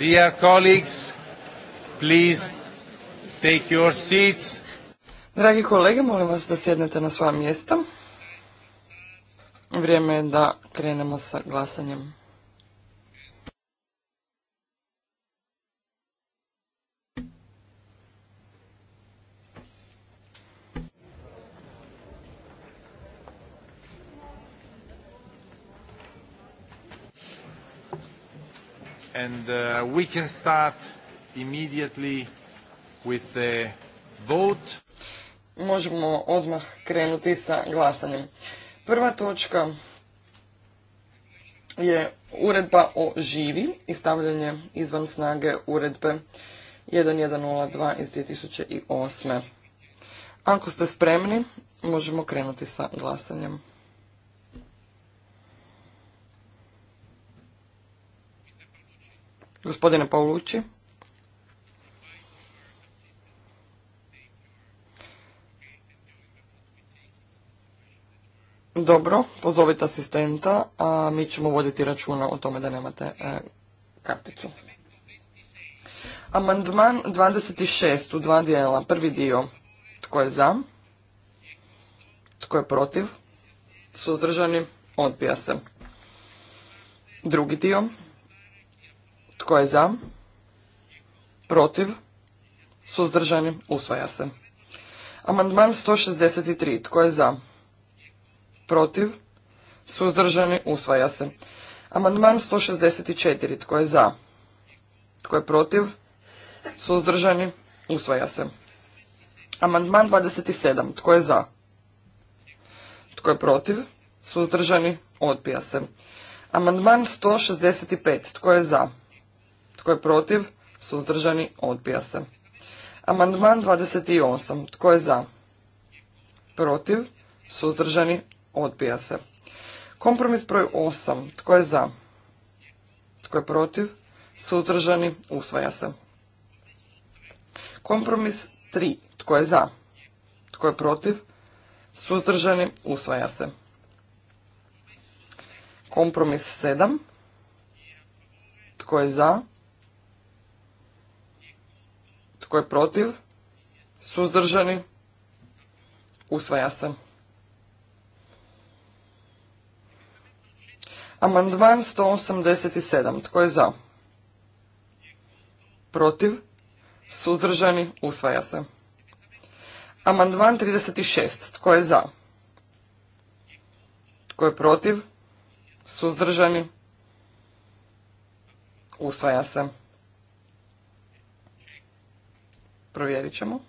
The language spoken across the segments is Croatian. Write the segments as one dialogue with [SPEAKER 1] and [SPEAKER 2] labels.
[SPEAKER 1] Dear take
[SPEAKER 2] Dragi kolege, molim vas da sjednete na svoja mjesta. Vrijeme je da krenemo sa glasanjem.
[SPEAKER 1] we can start immediately with the vote.
[SPEAKER 2] Možemo odmah krenuti sa glasanjem. Prva točka je uredba o živi i stavljanje izvan snage uredbe 1102 iz 2008. Ako ste spremni, možemo krenuti sa glasanjem. Gospodine Paulucci. Dobro, pozovite asistenta, a mi ćemo voditi računa o tome da nemate e, karticu. Amandman 26 u dva dijela. Prvi dio, tko je za, tko je protiv, suzdržani, odbija se. Drugi dio, tko je za? Protiv? Suzdržani? Usvaja se. Amandman 163. Tko je za? Protiv? Suzdržani? Usvaja se. Amandman 164. Tko je za? Tko je protiv? Suzdržani? Usvaja se. Amandman 27. Tko je za? Tko je protiv? Suzdržani? Odbija se. Amandman 165. Tko je za? Tko je protiv? Suzdržani? Odbija se. Amandman 28. Tko je za? Protiv? Suzdržani? Odbija se. Kompromis broj 8. Tko je za? Tko je protiv? Suzdržani? Usvaja se. Kompromis 3. Tko je za? Tko je protiv? Suzdržani? Usvaja se. Kompromis 7. Tko je za? Tko je protiv? Suzdržani? Usvaja se. Amandman 187. Tko je za? Protiv? Suzdržani? Usvaja se. Amandman 36. Tko je za? Tko je protiv? Suzdržani? Usvaja se. Provjerit ćemo.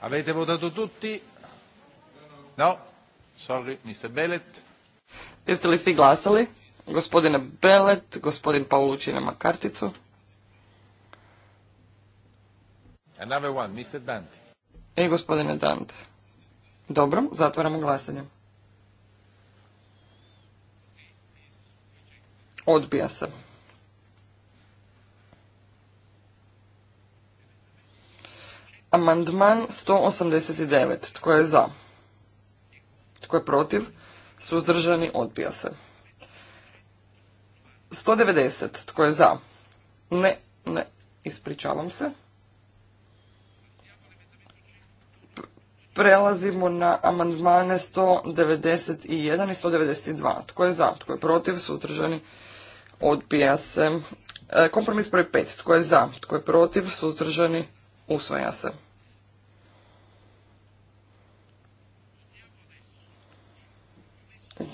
[SPEAKER 1] Avete votato tutti? No? Sorry, Mr.
[SPEAKER 2] Belet. Jeste li svi glasali? Gospodine Belet, gospodin Paulući nema karticu.
[SPEAKER 1] Another one, Mr. Dante.
[SPEAKER 2] I gospodine Dante. Dobro, zatvaramo glasanje. Odbija se. Amandman 189. Tko je za? Tko je protiv? Suzdržani odbija se. 190. Tko je za? Ne, ne, ispričavam se. Prelazimo na amandmane 191 i 192. Tko je za? Tko je protiv? Suzdržani odbija se. E, kompromis broj 5. Tko je za? Tko je protiv? Suzdržani? Usvaja se.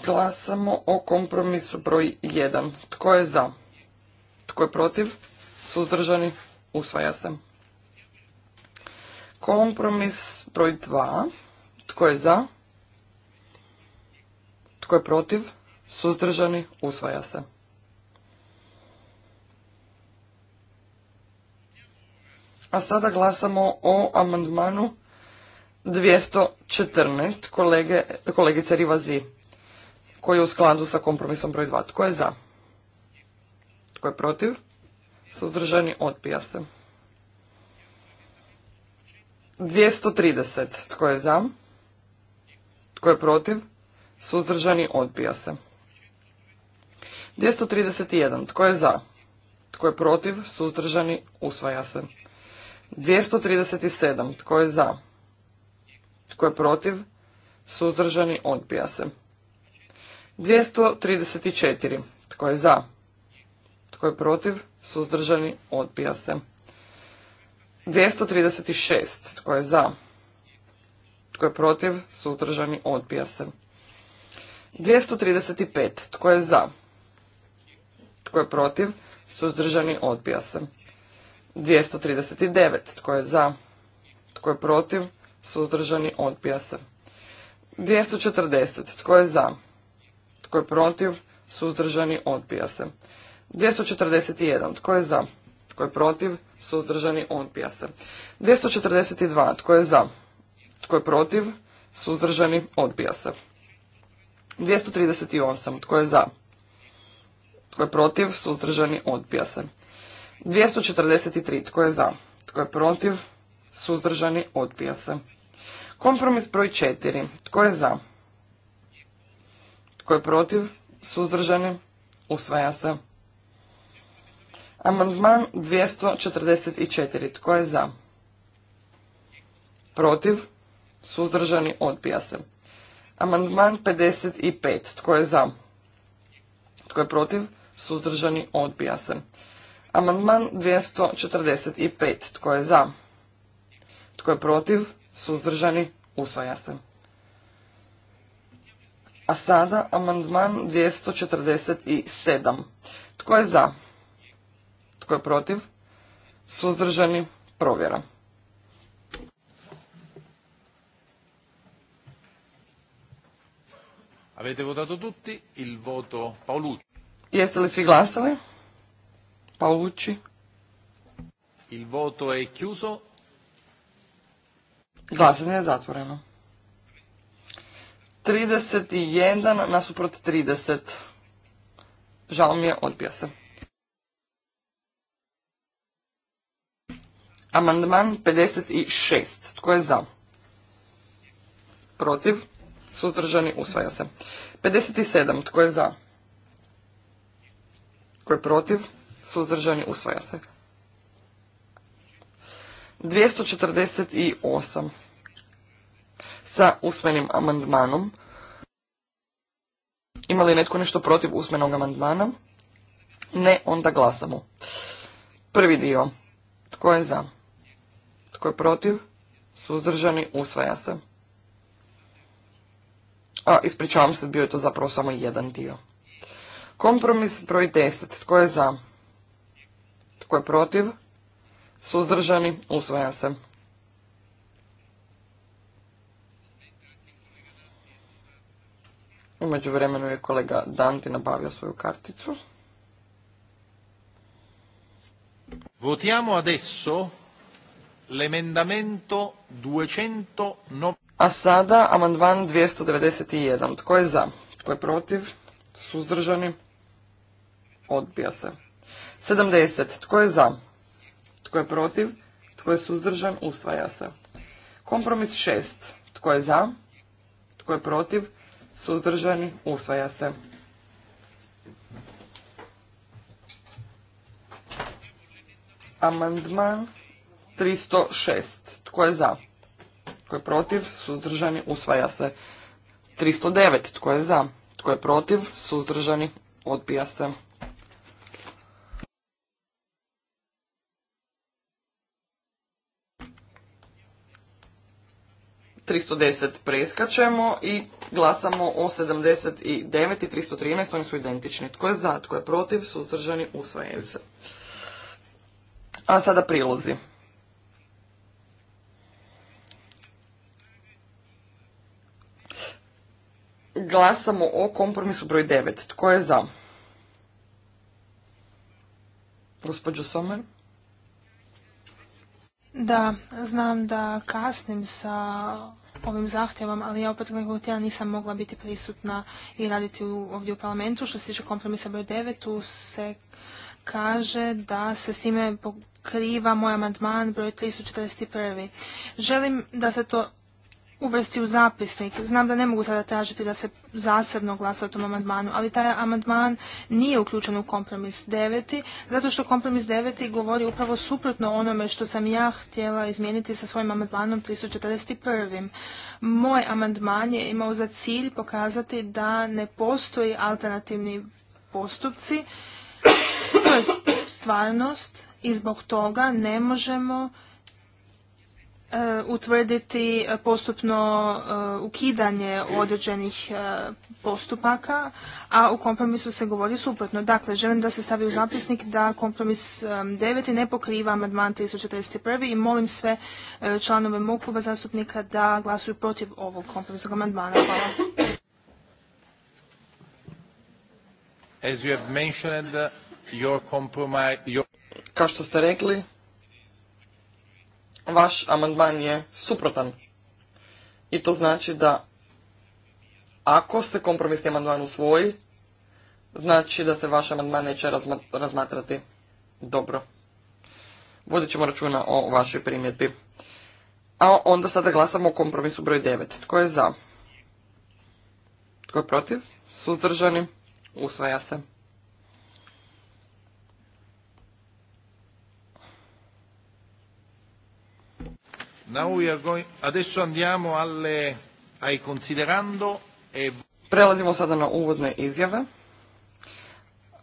[SPEAKER 2] Glasamo o kompromisu broj 1. Tko je za? Tko je protiv? Suzdržani? Usvaja se. Kompromis broj 2. Tko je za? Tko je protiv? Suzdržani? Usvaja se. A sada glasamo o amandmanu 214 kolege, kolegice Rivazi, koji je u skladu sa kompromisom broj 2. Tko je za? Tko je protiv? Suzdržani odbija se. 230. Tko je za? Tko je protiv? Suzdržani odbija se. 231. Tko je za? Tko je protiv? Suzdržani usvaja se. 237. Tko je za? Tko je protiv? Suzdržani odbija se. 234. Tko je za? Tko je protiv? Suzdržani odbija se. 236. Tko je za? Tko je protiv? Suzdržani odbija se. 235. Tko je za? Tko je protiv? Suzdržani odbija se. 239. Tko je za? Tko je protiv? Suzdržani? Odbija se. 240. Tko je za? Tko je protiv? Suzdržani? Odbija se. 241. Tko je za? Tko je protiv? Suzdržani? Odbija se. 242. Tko je za? Tko je protiv? Suzdržani? Odbija se. 238. Tko je za? Tko je protiv? Suzdržani? Odbija se. 243. Tko je za? Tko je protiv? Suzdržani? Odbija se. Kompromis broj 4. Tko je za? Tko je protiv? Suzdržani? Usvaja se. Amandman 244. Tko je za? Protiv? Suzdržani? Odbija se. Amandman 55. Tko je za? Tko je protiv? Suzdržani? Odbija se. Amandman 245. Tko je za? Tko je protiv? Suzdržani? Usvaja se. A sada amandman 247. Tko je za? Tko je protiv? Suzdržani? Provjera.
[SPEAKER 1] Avete votato tutti il voto Paolucci. Jeste li svi glasali?
[SPEAKER 2] Paolucci.
[SPEAKER 1] Il voto è chiuso.
[SPEAKER 2] Glasanje je zatvoreno.
[SPEAKER 1] 31
[SPEAKER 2] nasuprot 30. Žal mi je, odbija se. Amandman 56. Tko je za? Protiv? Suzdržani usvaja se. 57. Tko je za? Tko je protiv? suzdržani, usvaja se. 248 sa usmenim amandmanom. Ima li netko nešto protiv usmenog amandmana? Ne, onda glasamo. Prvi dio. Tko je za? Tko je protiv? Suzdržani, usvaja se. A, ispričavam se, bio je to zapravo samo jedan dio. Kompromis broj 10. Tko je za? Tko je protiv? Suzdržani? Usvaja se. Umeđu vremenu je kolega Danti nabavio svoju karticu.
[SPEAKER 1] Votiamo adesso l'emendamento 209.
[SPEAKER 2] A sada amandman 291. Tko je za? Tko je protiv? Suzdržani? Odbija se. 70. Tko je za? Tko je protiv? Tko je suzdržan? Usvaja se. Kompromis 6. Tko je za? Tko je protiv? Suzdržani? Usvaja se. Amandman 306. Tko je za? Tko je protiv? Suzdržani? Usvaja se. 309. Tko je za? Tko je protiv? Suzdržani? Odbija se. 310 preskačemo i glasamo o 79 i 313, oni su identični. Tko je za, tko je protiv, suzdržani, usvajaju se. A sada prilozi. Glasamo o kompromisu broj 9. Tko je za? Gospođo Somer?
[SPEAKER 3] Da, znam da kasnim sa ovim zahtjevom, ali ja opet nekog tjedana nisam mogla biti prisutna i raditi ovdje u parlamentu. Što se tiče kompromisa broj 9, tu se kaže da se s time pokriva moj amandman broj 341. Želim da se to uvrsti u zapisnik. Znam da ne mogu sada tražiti da se zasebno glasa o tom amandmanu, ali taj amandman nije uključen u kompromis deveti, Zato što kompromis deveti govori upravo suprotno onome što sam ja htjela izmijeniti sa svojim amandmanom 341. Moj amandman je imao za cilj pokazati da ne postoji alternativni postupci. To je stvarnost i zbog toga ne možemo E, utvrditi postupno e, ukidanje određenih e, postupaka, a u kompromisu se govori suprotno. Dakle, želim da se stavi u zapisnik da kompromis 9. ne pokriva amandman 341. i molim sve članove mog kluba zastupnika da glasuju protiv ovog kompromisnog amandmana. Hvala.
[SPEAKER 1] Kao što ste rekli, vaš amandman je
[SPEAKER 2] suprotan. I to znači da ako se kompromisni amandman usvoji, znači da se vaš amandman neće razmatrati dobro. Vodit ćemo računa o vašoj primjedbi. A onda sada glasamo o kompromisu broj 9. Tko je za? Tko je protiv? Suzdržani? Usvaja se.
[SPEAKER 1] Now we going... Adesso andiamo alle... ai considerando e... Prelazimo sada
[SPEAKER 2] na uvodne izjave.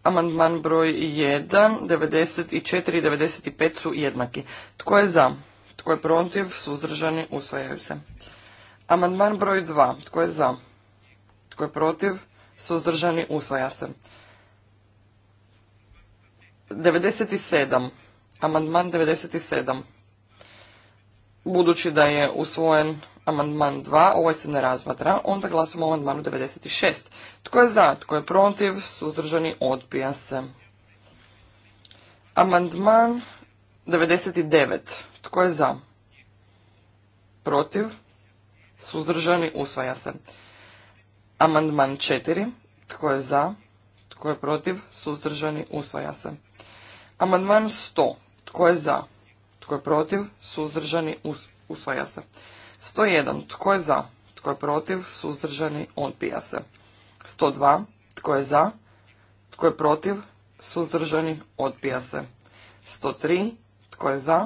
[SPEAKER 2] Amandman broj 1, 94 i 95 su jednaki. Tko je za? Tko je protiv? Suzdržani? Usvajaju se. Amandman broj 2. Tko je za? Tko je protiv? Suzdržani? Usvaja se. 97. Amandman 97. Budući da je usvojen amandman 2, ovaj se ne razmatra, onda glasamo o amandmanu 96. Tko je za, tko je protiv, suzdržani, odbija se. Amandman 99. Tko je za? Protiv? Suzdržani? Usvaja se. Amandman 4. Tko je za? Tko je protiv? Suzdržani? Usvaja se. Amandman 100. Tko je za? Tko je protiv? Suzdržani? Usvaja se. 101. Tko je za? Tko je protiv? Suzdržani? Odbija se. 102. Tko je za? Tko je protiv? Suzdržani? Odbija se. 103. Tko je za?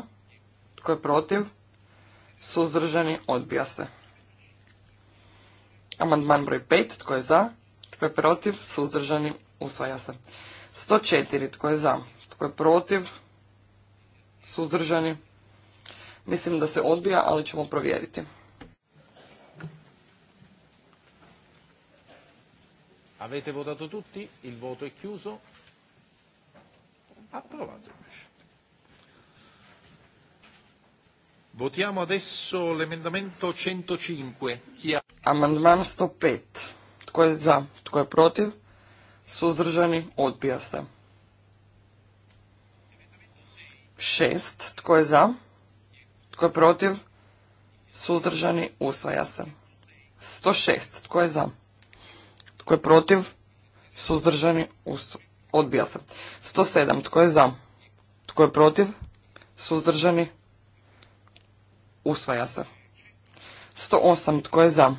[SPEAKER 2] Tko je protiv? Suzdržani? Odbija se. Amandman broj 5. Tko je za? Tko je protiv? Suzdržani? Usvaja se. 104. Tko je za? Tko je protiv? suzdržani. Mislim da se odbija, ali ćemo
[SPEAKER 1] provjeriti. Avete votato tutti? Il voto è chiuso? Approvato Votiamo adesso l'emendamento 105.
[SPEAKER 2] Chi ha... Amandman 105. Tko je za? Tko je protiv? Suzdržani? Odbija se. 6. Tko je za? Tko je protiv? Suzdržani usvaja se. 106. Tko je za? Tko je protiv? Suzdržani odbija se. 107. Tko je za? Tko je protiv? Suzdržani usvaja se. 108. Tko je za?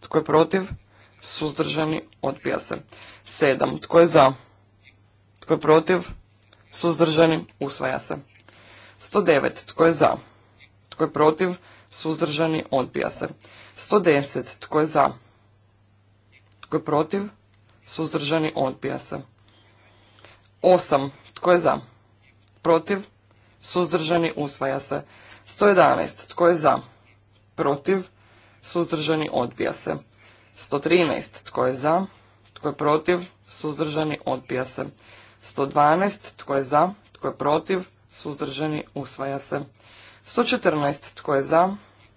[SPEAKER 2] Tko je protiv? Suzdržani odbija se. 7. Tko je za? Tko je protiv? suzdržani, usvaja se. 109. Tko je za? Tko je protiv? Suzdržani, odbija se. 110. Tko je za? Tko je protiv? Suzdržani, odbija se. 8. Tko je za? Protiv? Suzdržani, usvaja se. 111. Tko je za? Protiv? Suzdržani, odbija se. 113. Tko je za? Tko je protiv? Suzdržani, odbija se. 112. Tko je za? Tko je protiv? Suzdržani. Usvaja se. 114. Tko je za?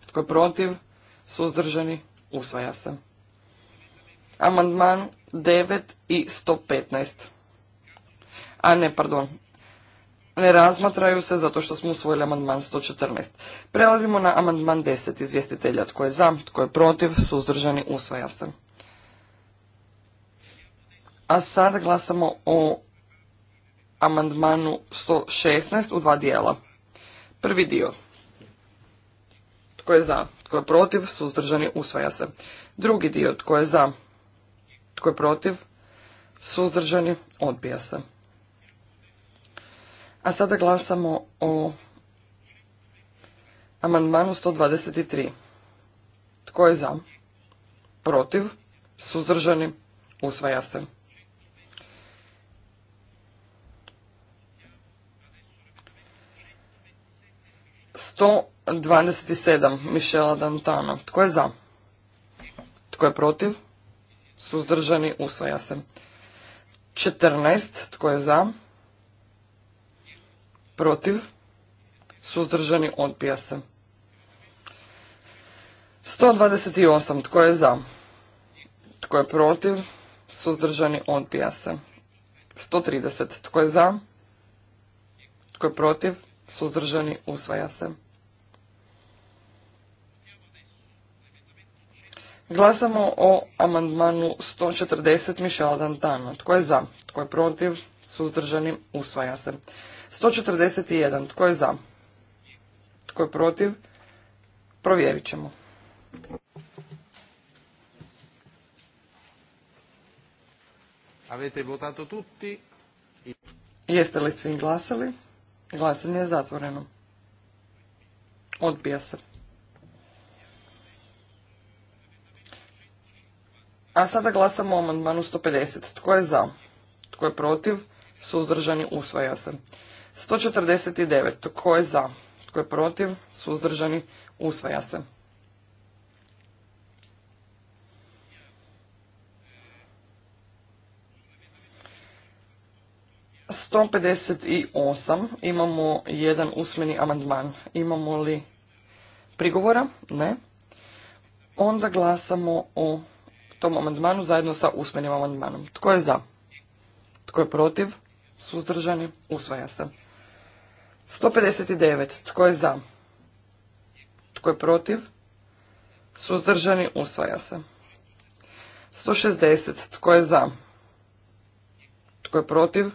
[SPEAKER 2] Tko je protiv? Suzdržani. Usvaja se. Amandman 9 i 115. A ne, pardon. Ne razmatraju se zato što smo usvojili amandman 114. Prelazimo na amandman 10 izvjestitelja. Tko je za, tko je protiv, suzdržani, usvaja se. A sada glasamo o amandmanu 116 u dva dijela. Prvi dio. Tko je za? Tko je protiv? Suzdržani usvaja se. Drugi dio. Tko je za? Tko je protiv? Suzdržani odbija se. A sada glasamo o amandmanu 123. Tko je za? Protiv? Suzdržani? Usvaja se. 127 Mišela Dantano, Tko je za? Tko je protiv? Suzdržani usvaja se. 14. Tko je za? Protiv? Suzdržani odbija se. 128. Tko je za? Tko je protiv? Suzdržani odbija se. 130. Tko je za? Tko je protiv? Suzdržani usvaja se. Glasamo o amandmanu 140 Mišela Dantana. Tko je za? Tko je protiv? Suzdržani? Usvaja se. 141. Tko je za? Tko je protiv? Provjerit ćemo.
[SPEAKER 1] Avete votato tutti?
[SPEAKER 2] Jeste li svi glasali? Glasanje je zatvoreno. Odbija se. A sada glasamo o amandmanu 150. Tko je za? Tko je protiv? Suzdržani usvaja se. 149. Tko je za? Tko je protiv? Suzdržani usvaja se. Sto pedeset osam imamo jedan usmeni amandman. Imamo li prigovora? Ne. Onda glasamo o tom amandmanu zajedno sa usmenim amandmanom. Tko je za? Tko je protiv? Suzdržani? Usvaja se. 159. Tko je za? Tko je protiv? Suzdržani? Usvaja se. 160. Tko je za? Tko je protiv?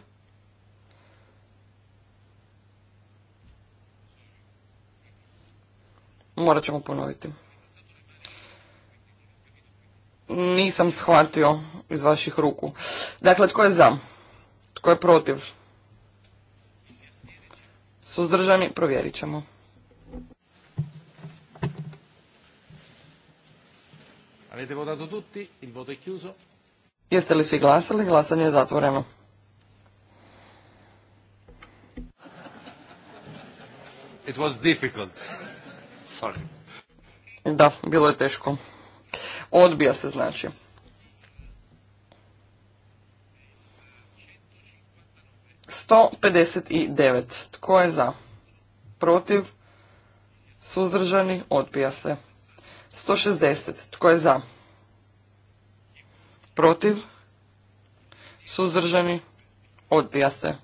[SPEAKER 2] Morat ćemo ponoviti. Nisam shvatio iz vaših ruku. Dakle, tko je za? Tko je protiv? Suzdržani? Provjerit ćemo.
[SPEAKER 1] Avete votato tutti? Il voto è chiuso?
[SPEAKER 2] Jeste li svi glasali? Glasanje je zatvoreno.
[SPEAKER 1] It was difficult. Sorry.
[SPEAKER 2] Da, bilo je teško. Odbija se znači. 159. Tko je za? Protiv? Suzdržani? Odbija se. 160. Tko je za? Protiv? Suzdržani? Odbija se.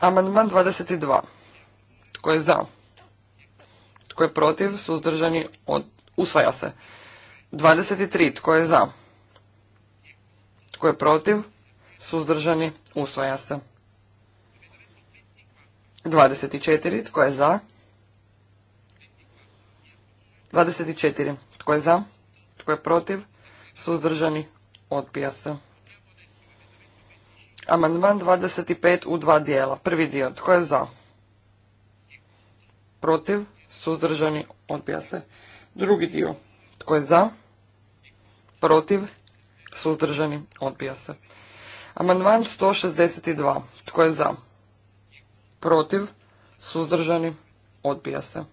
[SPEAKER 2] Amandman 22. Tko je za? Tko je protiv? Suzdržani? Usvaja se. 23. Tko je za? Tko je protiv? Suzdržani? Usvaja se. 24. Tko je za? 24. Tko je za? Tko je protiv? Suzdržani? Odbija se. Amandman 25 u dva dijela. Prvi dio. Tko je za? Protiv? Suzdržani? Odbija se. Drugi dio. Tko je za? Protiv? Suzdržani? Odbija se. Amandman 162. Tko je za? Protiv? Suzdržani? Odbija se.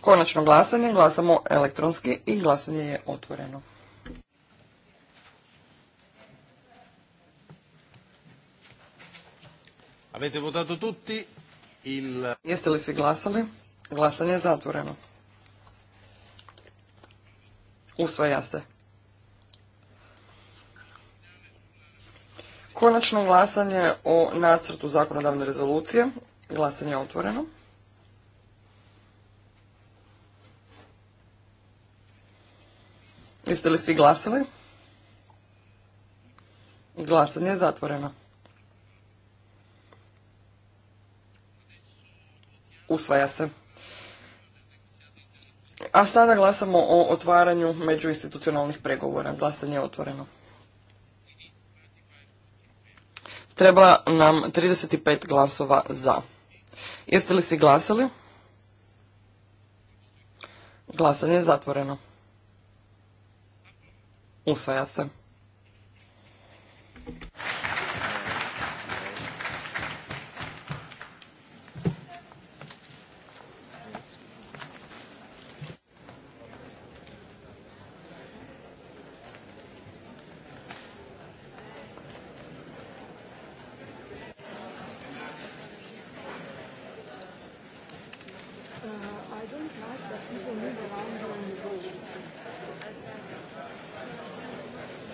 [SPEAKER 2] Konačno glasanje. Glasamo elektronski i glasanje je otvoreno.
[SPEAKER 1] Avete votato tutti il... Jeste li svi glasali?
[SPEAKER 2] Glasanje je zatvoreno. Usvaja se. Konačno glasanje o nacrtu zakonodavne rezolucije. Glasanje je otvoreno. Jeste li svi glasali? Glasanje je zatvoreno. Usvaja se. A sada glasamo o otvaranju međuinstitucionalnih pregovora. Glasanje je otvoreno. Treba nam 35 glasova za. Jeste li svi glasali? Glasanje je zatvoreno. Usvaja se.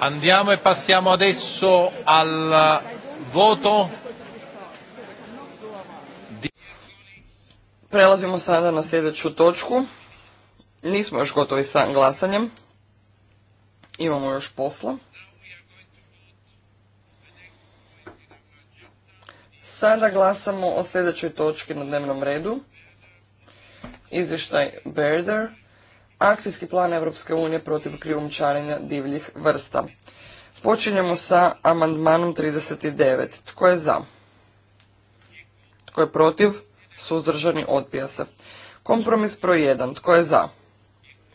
[SPEAKER 1] Andiamo e passiamo adesso al voto.
[SPEAKER 2] Prelazimo sada na sljedeću točku. Nismo još gotovi sa glasanjem. Imamo još posla. Sada glasamo o sljedećoj točki na dnevnom redu. Izvještaj Berder akcijski plan Europske unije protiv krijumčarenja divljih vrsta. Počinjemo sa amandmanom 39. Tko je za? Tko je protiv? Suzdržani odbija se. Kompromis broj 1. Tko je za?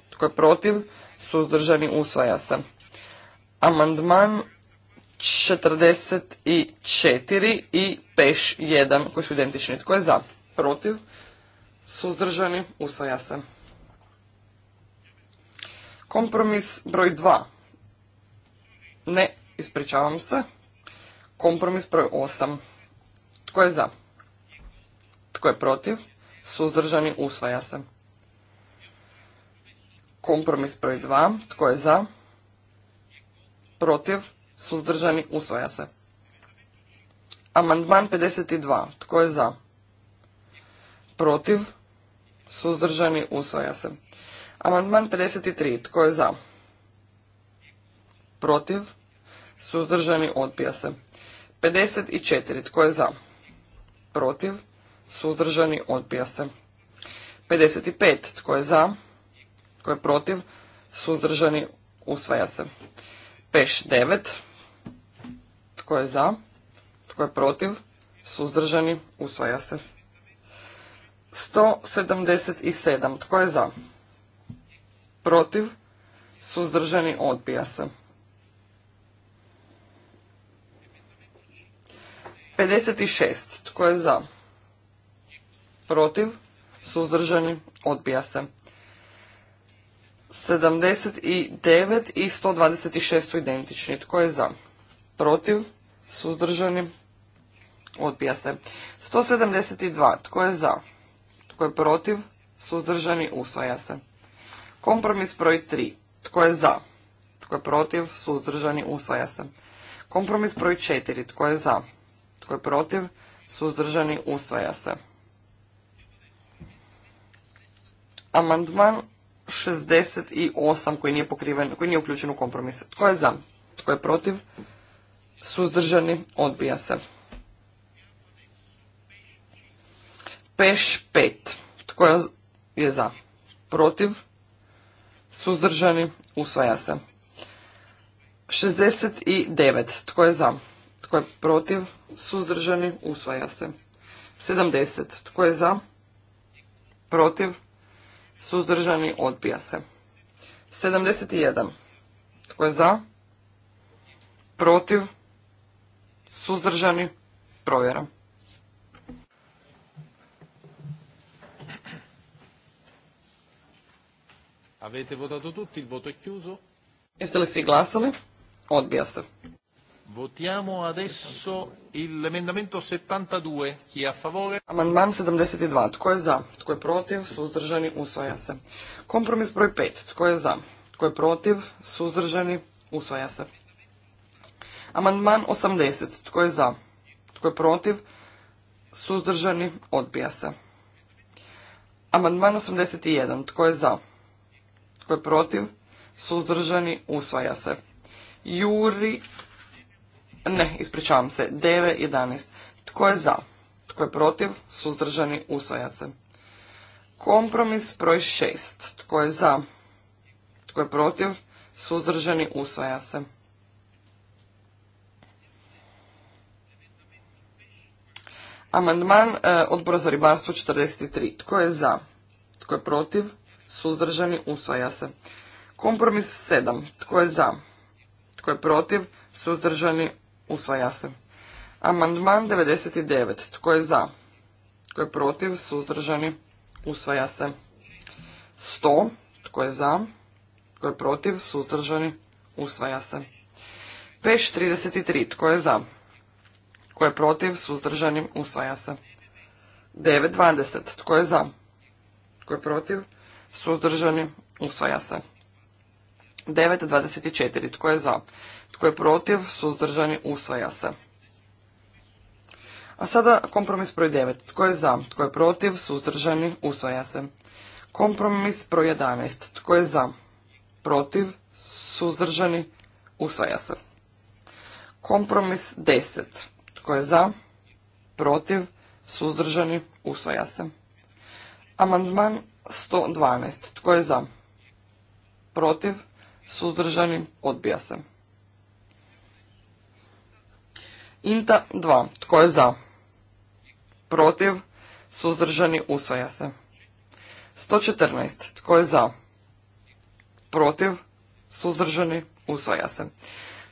[SPEAKER 2] Tko je protiv? Suzdržani usvaja se. Amandman 44 i peš 1 koji su identični. Tko je za? Protiv? Suzdržani usvaja se. Kompromis broj 2. Ne, ispričavam se. Kompromis broj 8. Tko je za? Tko je protiv? Suzdržani usvaja se. Kompromis broj 2. Tko je za? Protiv? Suzdržani usvaja se. Amandman 52. Tko je za? Protiv? Suzdržani usvaja se. Amandman 53. Tko je za? Protiv? Suzdržani odbija se. 54. Tko je za? Protiv? Suzdržani odbija se. 55. Tko je za? Tko je protiv? Suzdržani usvaja se. Peš 9. Tko je za? Tko je protiv? Suzdržani usvaja se. 177. Tko je za? protiv, suzdržani, odbija se. 56. Tko je za? Protiv, suzdržani, odbija se. 79 i 126 su identični. Tko je za? Protiv, suzdržani, odbija se. 172. Tko je za? Tko je protiv, suzdržani, usvaja se. Kompromis broj tri, Tko je za? Tko je protiv? Suzdržani? Usvaja se. Kompromis broj četiri, Tko je za? Tko je protiv? Suzdržani? Usvaja se. Amandman 68 koji nije pokriven, koji nije uključen u kompromis. Tko je za? Tko je protiv? Suzdržani? Odbija se. Peš 5. Tko je za? Protiv? suzdržani, usvaja se. 69. Tko je za? Tko je protiv? Suzdržani, usvaja se. 70. Tko je za? Protiv? Suzdržani, odbija se. 71. Tko je za? Protiv? Suzdržani, provjera.
[SPEAKER 1] Avete votato tutti, il voto è chiuso. Jeste li svi glasali? Odbija se. Votiamo adesso l'emendamento 72. Chi è a favore? Amandman
[SPEAKER 2] 72. Tko je za? Tko je protiv? Suzdržani? Usvaja se. Kompromis broj 5. Tko je za? Tko je protiv? Suzdržani? Usvaja se. Amandman 80. Tko je za? Tko je protiv? Suzdržani? Odbija se. Amandman 81. Tko je za? Tko je protiv? Suzdržani? Usvaja se. Juri... Ne, ispričavam se. 9, 11. Tko je za? Tko je protiv? Suzdržani? Usvaja se. Kompromis broj 6. Tko je za? Tko je protiv? Suzdržani? Usvaja se. Amandman eh, odbora za ribarstvo 43. Tko je za? Tko je protiv? suzdržani, usvaja se. Kompromis 7. Tko je za? Tko je protiv? Suzdržani, usvaja se. Amandman 99. Tko je za? Tko je protiv? Suzdržani, usvaja se. 100. Tko je za? Tko je protiv? Suzdržani, usvaja se. Peš 33. Tko je za? Tko je protiv? Suzdržani, usvaja se. 9.20. Tko je za? Tko je protiv? suzdržani, usvaja se. 9.24. Tko je za? Tko je protiv? Suzdržani, usvaja se. A sada kompromis broj 9. Tko je za? Tko je protiv? Suzdržani, usvaja se. Kompromis broj 11. Tko je za? Protiv? Suzdržani, usvaja se. Kompromis 10. Tko je za? Protiv? Suzdržani, usvaja se. Amandman 112. Tko je za? Protiv? Suzdržani? Odbija se. Inta 2. Tko je za? Protiv? Suzdržani? Usvaja se. 114. Tko je za? Protiv? Suzdržani? Usvaja se.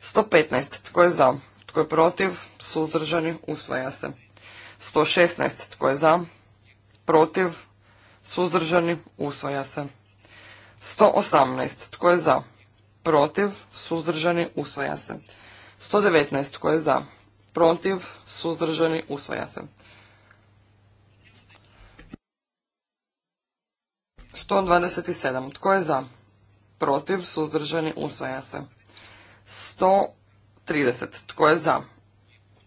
[SPEAKER 2] 115. Tko je za? Tko je protiv? Suzdržani? Usvaja se. 116. Tko je za? Protiv? suzdržani, usvaja se. 118. Tko je za? Protiv, suzdržani, usvaja se. 119. Tko je za? Protiv, suzdržani, usvaja se. 127. Tko je za? Protiv, suzdržani, usvaja se. 130. Tko je za?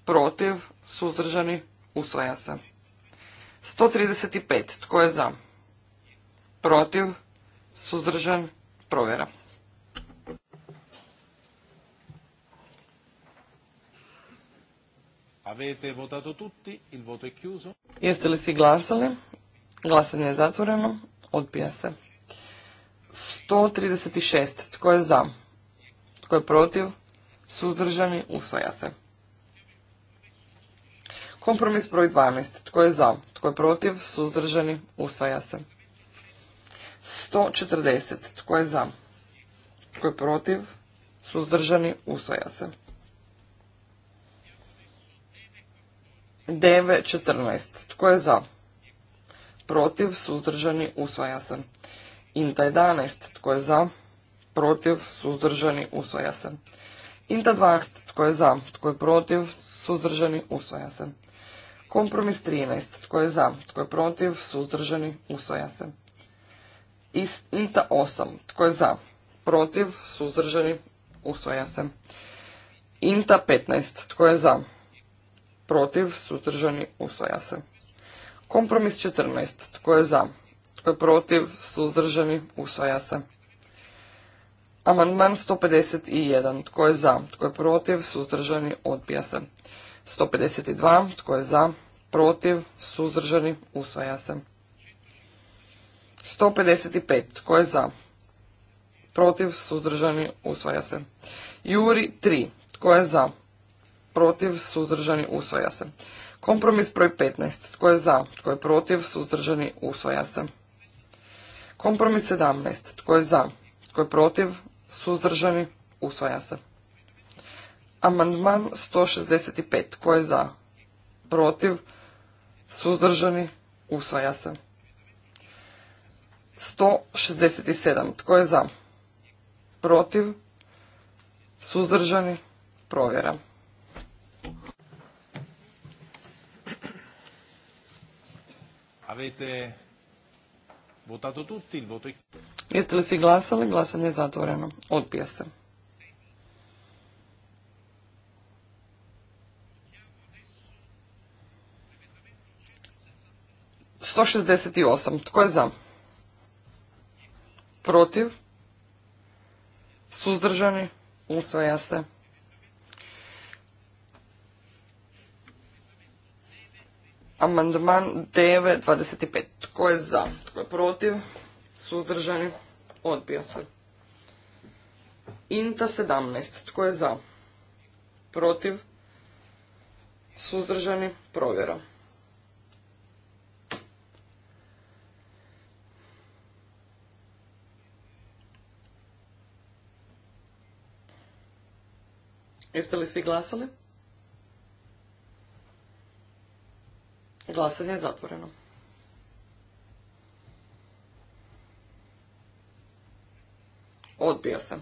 [SPEAKER 2] Protiv, suzdržani, usvaja se. 135. Tko je za? protiv, suzdržan,
[SPEAKER 1] provjera. Avete votato tutti, il voto è chiuso. Jeste li
[SPEAKER 2] svi glasali? Glasanje je zatvoreno, odbija se. 136. Tko je za? Tko je protiv? Suzdržani, usvaja se. Kompromis broj 12. Tko je za? Tko je protiv? Suzdržani, usvaja se. 140. Tko je za? Tko je protiv? Suzdržani? Usvaja se. 9.14. Tko je za? Protiv? Suzdržani? Usvaja se. Inta 11. Tko je za? Protiv? Suzdržani? Usvaja se. Inta 12. Tko je za? Tko je protiv? Suzdržani? Usvaja se. Kompromis 13. Tko je za? Tko je protiv? Suzdržani? Usvaja se. INTA 8. Tko je za? Protiv? Suzdržani? Usvaja se. INTA 15. Tko je za? Protiv? Suzdržani? Usvaja se. Kompromis 14. Tko je za? Tko je protiv? Suzdržani? Usvaja se. Amandman 151. Tko je za? Tko je protiv? Suzdržani? Odbija se. 152. Tko je za? Protiv? Suzdržani? Usvaja se. 155. Tko je za? Protiv, suzdržani, usvaja se. Juri 3. Tko je za? Protiv, suzdržani, usvaja se. Kompromis broj 15. Tko je za? Tko je protiv? Suzdržani, usvaja se. Kompromis 17. Tko je za? Tko je protiv? Suzdržani, usvaja se. Amandman 165. Tko je za? Protiv? Suzdržani, usvaja se. 167. Tko je za? Protiv? Suzdržani? Provjera.
[SPEAKER 1] Avete votato tutti il voto
[SPEAKER 2] Jeste li svi glasali? Glasanje je zatvoreno. Odpije se. Sto šezdeset osam. Tko je za? protiv, suzdržani, usvaja se. Amandman 9.25. Tko je za? Tko je protiv? Suzdržani? Odbija se. Inta 17. Tko je za? Protiv? Suzdržani? Provjera. Jeste li svi glasali? Glasanje je zatvoreno. Odbio se.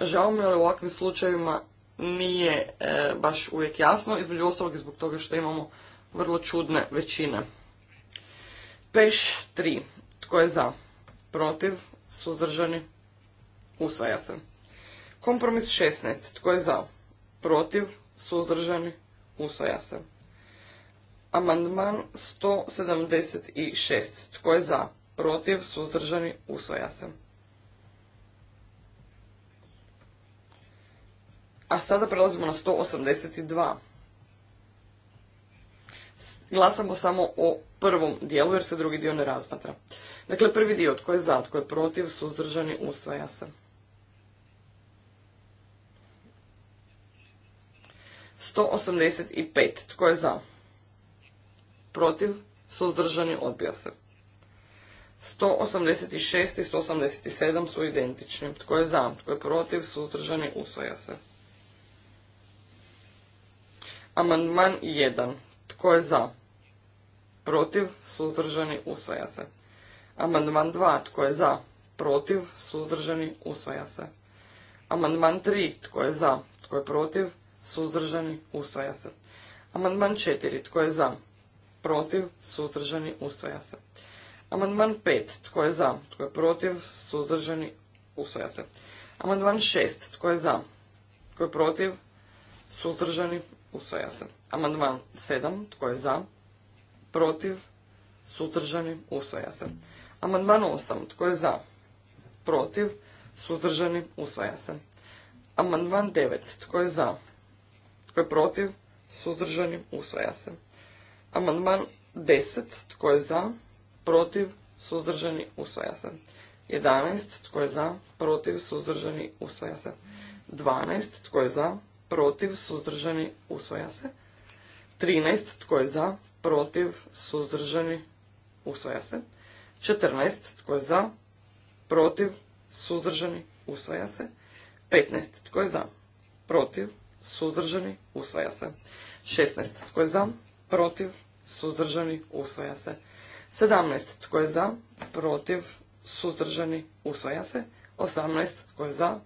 [SPEAKER 2] Žao mi je u ovakvim slučajevima nije e, baš uvijek jasno, između ostalog i zbog toga što imamo vrlo čudne većine. Peš 3. Tko je za? Protiv? Suzdržani? Usvaja se. Kompromis 16. Tko je za? Protiv? Suzdržani? Usvaja se. Amandman 176. Tko je za? Protiv? Suzdržani? Usvaja se. A sada prelazimo na 182. Glasamo samo o prvom dijelu jer se drugi dio ne razmatra. Dakle, prvi dio tko je za, tko je protiv, suzdržani, usvaja se. 185. Tko je za? Protiv? Suzdržani? Odbija se. 186 i 187 su identični. Tko je za? Tko je protiv? Suzdržani? Usvaja se. Amandman 1. Tko je za? protiv, suzdržani, usvaja se. Amandman 2, tko je za, protiv, suzdržani, usvaja se. Amandman 3, tko je za, tko je protiv, suzdržani, usvaja se. Amandman 4, tko je za, protiv, suzdržani, usvaja se. Amandman 5, tko je za, tko je protiv, suzdržani, usvaja se. Amandman 6, tko je za, tko je protiv, suzdržani, usvaja se. Amandman 7, tko je za, protiv, suzdržani, usvaja se. Amandman 8. Tko je za? Protiv, suzdržani, usvaja se. Amandman 9. Tko je za? Tko je protiv, suzdržani, usvaja se. Amandman 10. Tko je za? Protiv, suzdržani, usvaja se. 11. Tko je za? Protiv, suzdržani, usvaja se. 12. Tko je za? Protiv, suzdržani, usvaja se. 13. Tko je za? protiv, suzdržani, usvaja se. 14. Tko je za? Protiv, suzdržani, usvaja se. 15. Tko je za? Protiv, suzdržani, usvaja se. 16. Tko je za? Protiv, suzdržani, usvaja se. 17. Tko je za? Protiv, suzdržani, usvaja se. 18. Tko je za?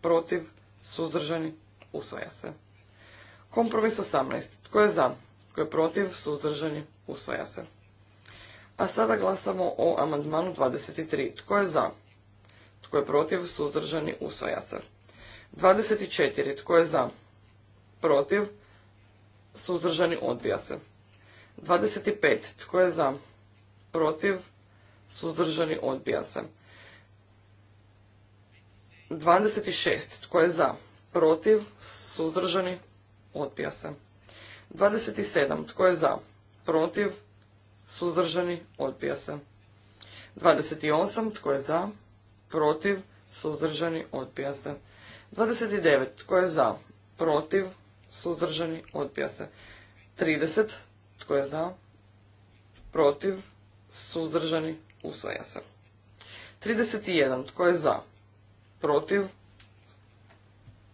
[SPEAKER 2] Protiv, suzdržani, usvaja se. Kompromis 18. Tko je za? Tko je protiv? Suzdržani? Usvaja se. A sada glasamo o amandmanu 23. Tko je za? Tko je protiv? Suzdržani? Usvaja se. 24. Tko je za? Protiv? Suzdržani? Odbija se. 25. Tko je za? Protiv? Suzdržani? Odbija se. 26. Tko je za? Protiv? Suzdržani? Odbija se. 27. Tko je za? Protiv? Suzdržani? Odbija se. 28. Tko je za? Protiv? Suzdržani? Odbija se. 29. Tko je za? Protiv? Suzdržani? Odbija se. 30. Tko je za? Protiv? Suzdržani? Usvaja se. 31. Tko je za? Protiv?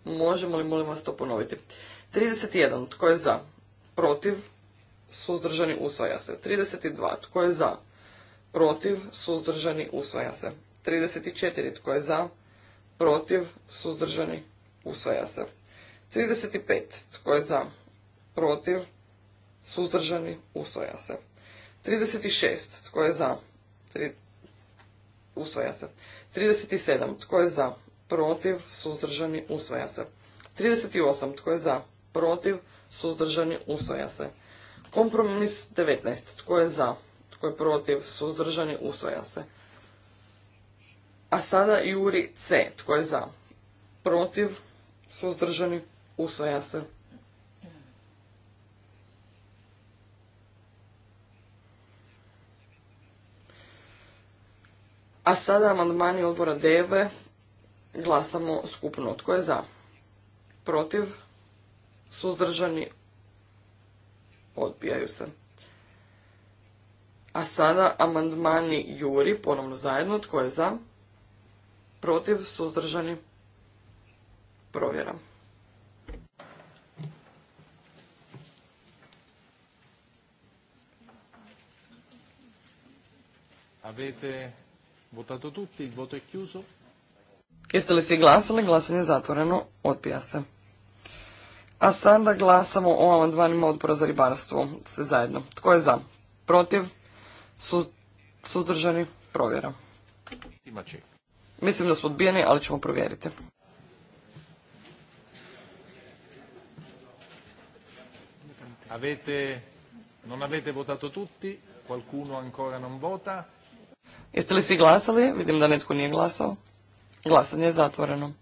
[SPEAKER 2] Možemo li, molim vas, to ponoviti? 31. Tko je za? protiv, suzdržani, usvaja se. 32. Tko je za? Protiv, suzdržani, usvaja se. 34. Tko je za? Protiv, suzdržani, usvaja se. 35. Tko je za? Protiv, suzdržani, usvaja se. 36. Tko je za? Usvaja se. 37. Tko je za? Protiv, suzdržani, usvaja se. 38. Tko je za? Protiv, suzdržani, usvaja se. Kompromis 19. Tko je za? Tko je protiv? Suzdržani, usvaja se. A sada juri C. Tko je za? Protiv? Suzdržani, usvaja se. A sada amandmani odbora DEVE glasamo skupno. Tko je za? Protiv? suzdržani, odbijaju se. A sada amandmani Juri, ponovno zajedno, tko je za, protiv, suzdržani, provjera.
[SPEAKER 1] Avete votato tutti, il voto è chiuso. Jeste li svi glasali?
[SPEAKER 2] Glasanje je zatvoreno. Odbija se. A sada glasamo o amandmanima odbora za ribarstvo. Sve zajedno. Tko je za? Protiv? suzdržani? Provjera. Mislim da su odbijeni, ali ćemo
[SPEAKER 1] provjeriti. Avete, avete votato tutti, qualcuno ancora vota.
[SPEAKER 2] Jeste li svi glasali? Vidim da netko nije glasao. Glasanje je zatvoreno.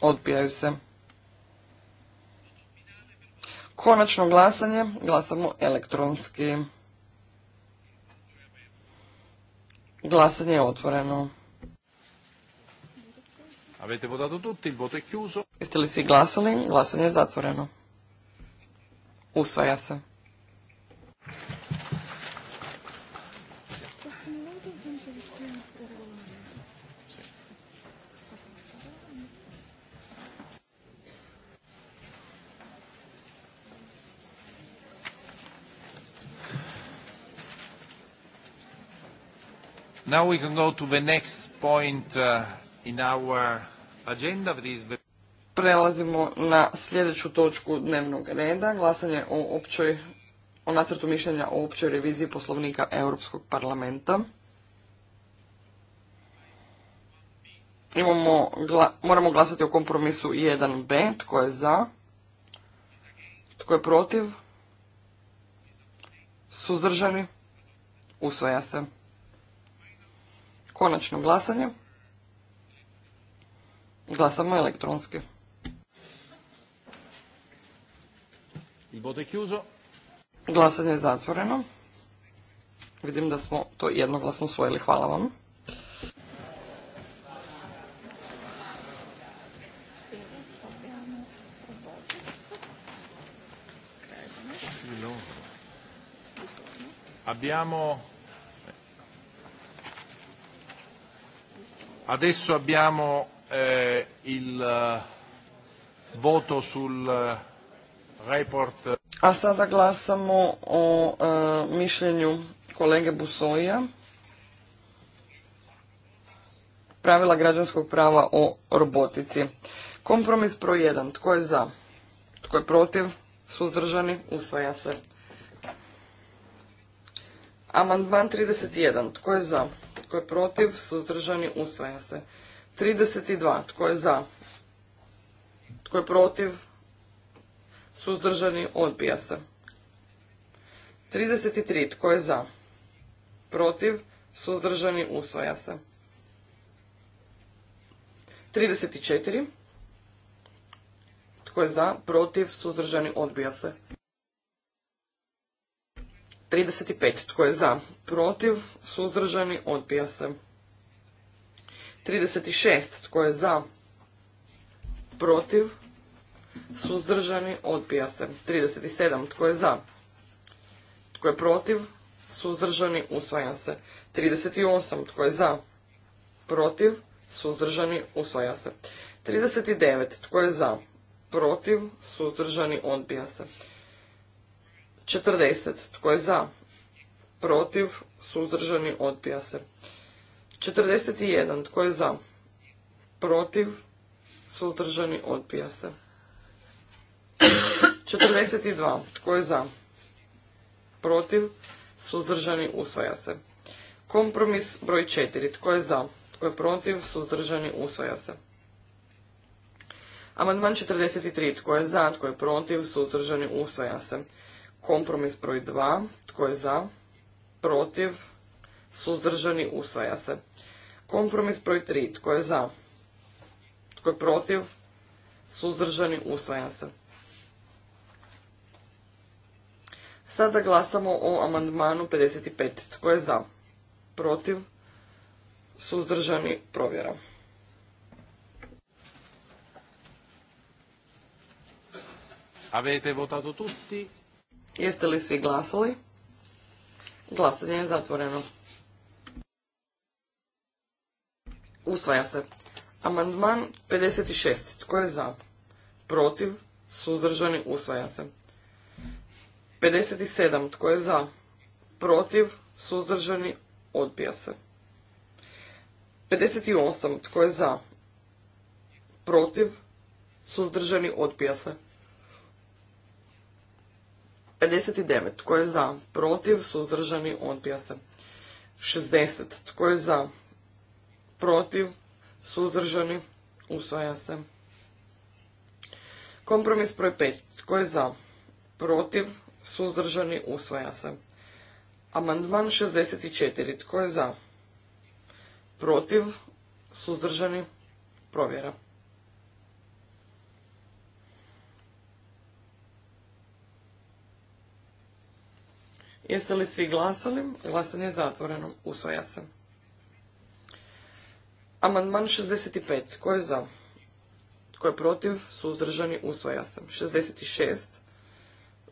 [SPEAKER 2] Odbijaju se. Konačno glasanje, glasamo elektronski. Glasanje je otvoreno.
[SPEAKER 1] Avete votato tutti, il voto è chiuso. Jeste li svi glasali? Glasanje je
[SPEAKER 2] zatvoreno. Usvaja se.
[SPEAKER 1] Now we can go to the next point uh, in our agenda.
[SPEAKER 2] Prelazimo na sljedeću točku dnevnog reda, glasanje o općoj o nacrtu mišljenja o općoj reviziji poslovnika Europskog parlamenta. moramo glasati o kompromisu 1b. Tko je za? Tko je protiv? Suzdržani? Usvaja se. Konačno glasanje. Glasamo elektronski. Glasanje je zatvoreno. Vidim da smo to jednoglasno usvojili. Hvala vam.
[SPEAKER 1] Abbiamo Adesso abbiamo eh, il eh, voto sul eh, report.
[SPEAKER 2] A sada glasamo o mišljenju kolege Busoja. Pravila građanskog prava o robotici. Kompromis pro jedan, Tko je za? Tko je protiv? Suzdržani? Usvaja se. Amandman 31. Tko je za? Tko je protiv? Suzdržani? Usvaja se. 32. Tko je za? Tko je protiv? Suzdržani? Odbija se. 33. Tko je za? Protiv? Suzdržani? Usvaja se. 34. Tko je za? Protiv? Suzdržani? Odbija se. 35. Tko je za? Protiv? Suzdržani? Odbija se. 36. Tko je za? Protiv? Suzdržani? Odbija se. 37. Tko je za? Tko je protiv? Suzdržani? Usvaja se. 38. Tko je za? Protiv? Suzdržani? Usvaja se. 39. Tko je za? Protiv? Suzdržani? Odbija se. 40. Tko je za? Protiv? Suzdržani? Odbija se. 41. Tko je za? Protiv? Suzdržani? Odbija se. 42. Tko je za? Protiv? Suzdržani? Usvaja se. Kompromis broj 4. Tko je za? Tko je protiv? Suzdržani? Usvaja se. Amandman 43. Tko je za? Tko je protiv? Suzdržani? Usvaja se. Kompromis broj 2. Tko je za? Protiv? Suzdržani? Usvaja se. Kompromis broj 3. Tko je za? Tko je protiv? Suzdržani? Usvaja se. Sada glasamo o amandmanu 55. Tko je za? Protiv? Suzdržani? Provjera.
[SPEAKER 1] Avete votato tutti? Jeste li svi glasali?
[SPEAKER 2] Glasanje je zatvoreno. Usvaja se. Amandman 56. Tko je za? Protiv? Suzdržani? Usvaja se. 57. Tko je za? Protiv? Suzdržani? Odbija se. 58. Tko je za? Protiv? Suzdržani? Odbija se. 59. Tko je za? Protiv? Suzdržani? Odbija se. 60. Tko je za? Protiv? Suzdržani? Usvaja se. Kompromis broj 5. Tko je za? Protiv? Suzdržani? Usvaja se. Amandman 64. Tko je za? Protiv? Suzdržani? Provjera. Jeste li svi glasali? Glasanje je zatvoreno. Usvoja se. Amandman 65. Tko je za? Tko je protiv? Suzdržani. Usvoja se. 66.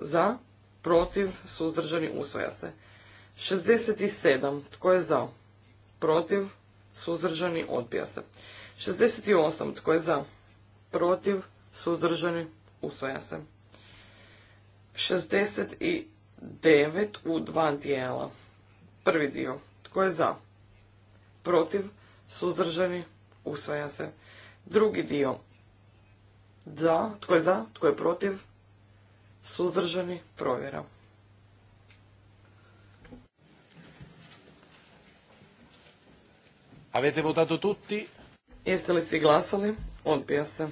[SPEAKER 2] Za. Protiv. Suzdržani. Usvoja se. 67. Tko je za? Protiv. Suzdržani. Odbija se. 68. Tko je za? Protiv. Suzdržani. Usvoja se. 69. Devet u dva dijela. Prvi dio. Tko je za? Protiv? Suzdržani? Usvaja se. Drugi dio. Za? Tko je za? Tko je protiv? Suzdržani? Provjera. Avete votato tutti? Jeste li svi glasali? Odbija se.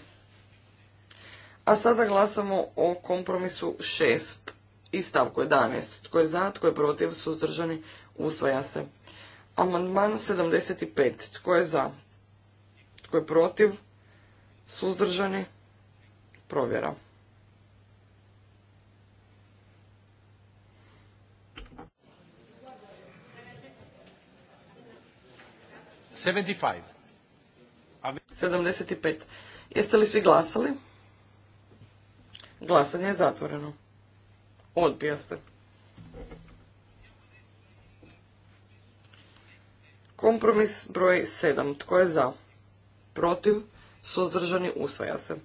[SPEAKER 2] A sada glasamo o kompromisu šest i stavku 11. Tko je za, tko je protiv, suzdržani, usvaja se. Amandman 75. Tko je za? Tko je protiv? Suzdržani? Provjera.
[SPEAKER 1] Sedamdeset
[SPEAKER 2] pet. Jeste li svi glasali? Glasanje je zatvoreno. Odbija se. Kompromis broj 7. Tko je za? Protiv? Suzdržani? Usvaja se.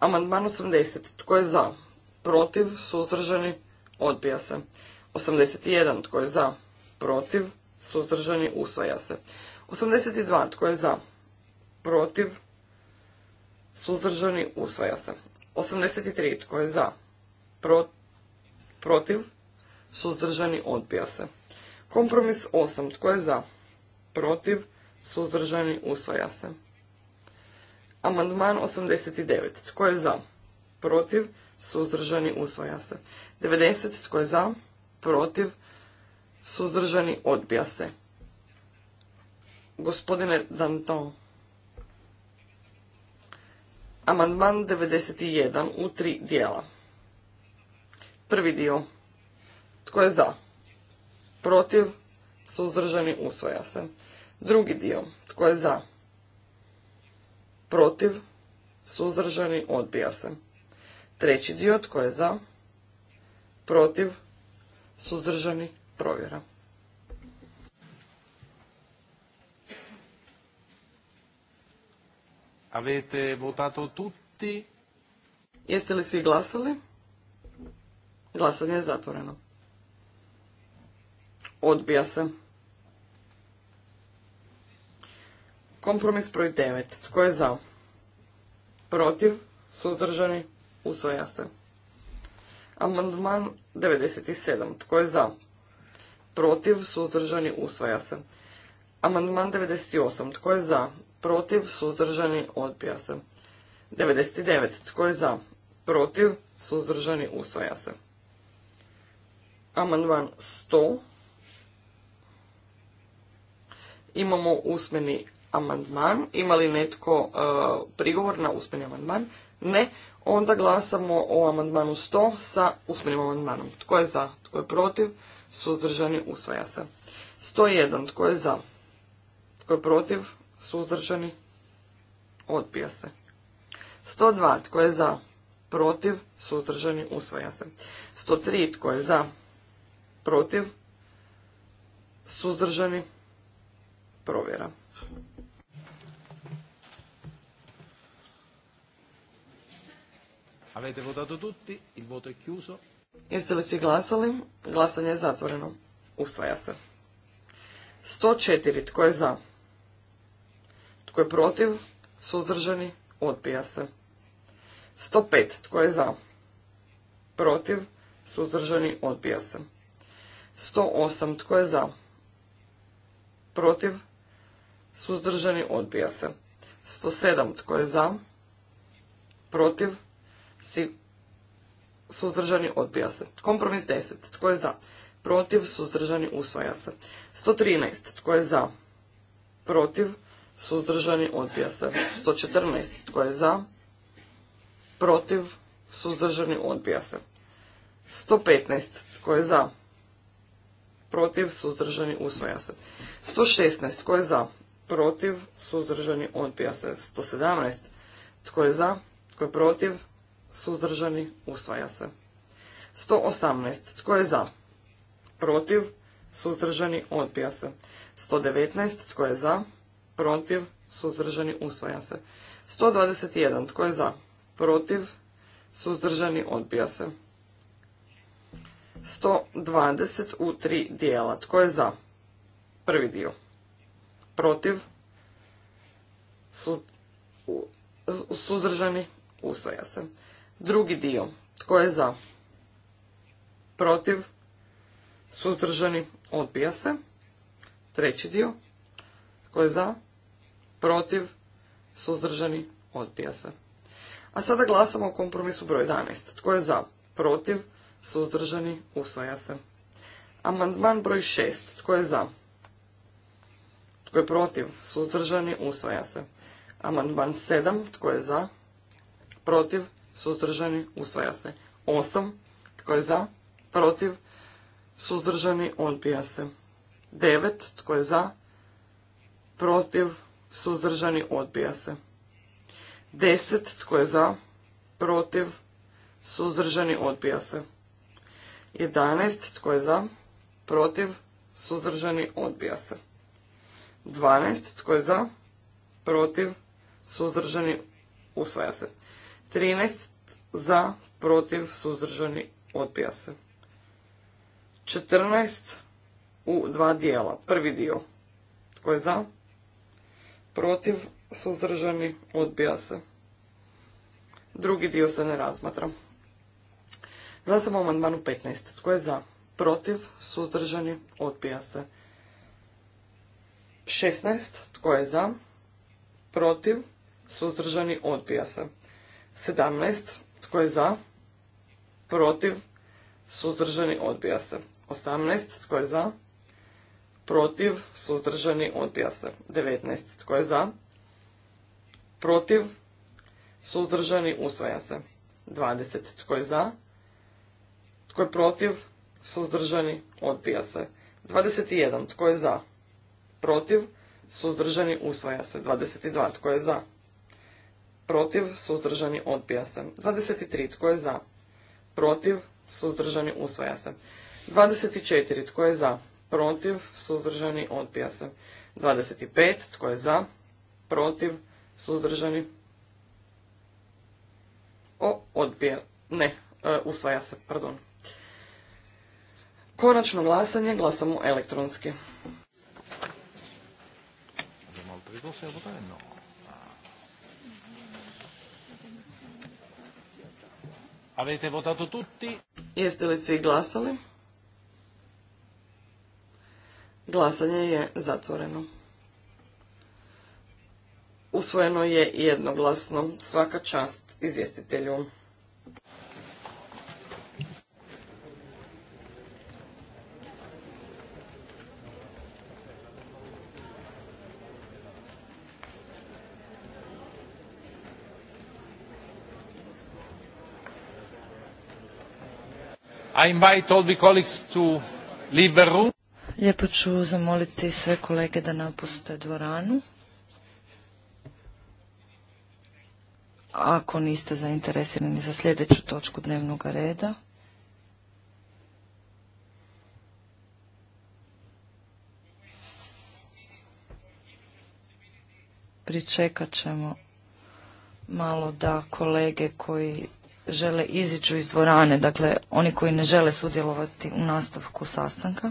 [SPEAKER 2] Amandman 80. Tko je za? Protiv? Suzdržani? Odbija se. 81. Tko je za? Protiv? Suzdržani? Usvaja se. 82. Tko je za? Protiv? Suzdržani? Usvaja se. 83. Tko je za? Protiv? protiv, suzdržani, odbija se. Kompromis 8. Tko je za? Protiv, suzdržani, usvaja se. Amandman 89. Tko je za? Protiv, suzdržani, usvaja se. 90. Tko je za? Protiv, suzdržani, odbija se. Gospodine Danton. Amandman 91 u tri dijela. Prvi dio. Tko je za? Protiv? Suzdržani? Usvoja se. Drugi dio. Tko je za? Protiv? Suzdržani? Odbija se. Treći dio. Tko je za? Protiv? Suzdržani? Provjera.
[SPEAKER 1] Avete votato
[SPEAKER 2] tutti? Jeste li svi glasali? Glasanje je zatvoreno.
[SPEAKER 1] Odbija se.
[SPEAKER 2] Kompromis broj 9. Tko je za? Protiv? Suzdržani? Usvoja se. Amandman 97. Tko je za? Protiv? Suzdržani? Usvoja se. Amandman 98. Tko je za? Protiv? Suzdržani? Odbija se. 99. Tko je za? Protiv? Suzdržani? Usvoja se amandman 100. Imamo usmeni amandman. Ima li netko e, prigovor na usmeni amandman? Ne. Onda glasamo o amandmanu 100 sa usmenim amandmanom. Tko je za? Tko je protiv? Suzdržani usvaja se. 101. Tko je za? Tko je protiv? Suzdržani odbija se. 102. Tko je za? Protiv? Suzdržani usvaja se. 103. Tko je za? protiv, suzdržani, provjera.
[SPEAKER 1] Avete votato tutti, il voto è chiuso.
[SPEAKER 2] Jeste li svi glasali? Glasanje je zatvoreno. Usvaja se. 104. Tko je za? Tko je protiv? Suzdržani? Odbija se. 105. Tko je za? Protiv? Suzdržani? Odbija se. 108. Tko je za? Protiv? Suzdržani? Odbija se. 107. Tko je za? Protiv? Suzdržani? Odbija se. Kompromis 10. Tko je za? Protiv? Suzdržani? Usvaja se. 113. Tko je za? Protiv? Suzdržani? Odbija se. 114. Tko je za? Protiv? Suzdržani? Odbija se. 115. Tko je za? protiv, suzdržani, usvaja se. 116. Tko je za? Protiv, suzdržani, odbija se. 117. Tko je za? Tko je protiv? Suzdržani, usvaja se. 118. Tko je za? Protiv, suzdržani, odbija se. 119. Tko je za? Protiv, suzdržani, usvaja se. 121. Tko je za? Protiv, suzdržani, odbija se. 120 u tri dijela. Tko je za? Prvi dio. Protiv? suzdržani? Usvaja se. Drugi dio. Tko je za? Protiv? Suzdržani? Odbija se. Treći dio. Tko je za? Protiv? Suzdržani? Odbija se. A sada glasamo o kompromisu broj 11. Tko je za? Protiv? Suzdržani? Usvaja se. Amandman broj 6. Tko je za? Tko je protiv? Suzdržani? Usvaja se. Amandman 7. Tko je za? Protiv? Suzdržani? Usvaja se. 8. Tko je za? Protiv? Suzdržani? Odbija se. 9. Tko je za? Protiv? Suzdržani? Odbija se. 10. Tko je za? Protiv? Suzdržani? Odbija se. 11. Tko je za? Protiv? Suzdržani? Odbija se. 12. Tko je za? Protiv? Suzdržani? Usvaja se. 13. Za? Protiv? Suzdržani? Odbija se. 14. U dva dijela. Prvi dio. Tko je za? Protiv? Suzdržani? Odbija se. Drugi dio se ne razmatra. Glasamo o amandmanu 15. Tko je za? Protiv? Suzdržani? Odbija se. 16. Tko je za? Protiv? Suzdržani? Odbija se. 17. Tko je za? Protiv? Suzdržani? Odbija se. 18. Tko je za? Protiv? Suzdržani? Odbija se. 19. Tko je za? Protiv? Suzdržani? Usvaja se. 20. Tko je za? Tko je protiv? Suzdržani? Odbija se. 21. Tko je za? Protiv? Suzdržani? Usvaja se. 22. Tko je za? Protiv? Suzdržani? Odbija se. 23. Tko je za? Protiv? Suzdržani? Usvaja se. 24. Tko je za? Protiv? Suzdržani? Odbija se. 25. Tko je za? Protiv? Suzdržani? O, odbija. Ne, e, usvaja se, pardon. Konačno glasanje, glasamo elektronski.
[SPEAKER 1] Avete votato tutti? Jeste li svi glasali? Glasanje
[SPEAKER 2] je zatvoreno. Usvojeno je jednoglasno svaka čast izvjestitelju.
[SPEAKER 1] I invite all the
[SPEAKER 4] Lijepo ću zamoliti sve kolege da napuste dvoranu. Ako niste zainteresirani za sljedeću točku dnevnog reda. Pričekat ćemo malo da kolege koji žele izići iz dvorane, dakle oni koji ne žele sudjelovati u nastavku sastanka.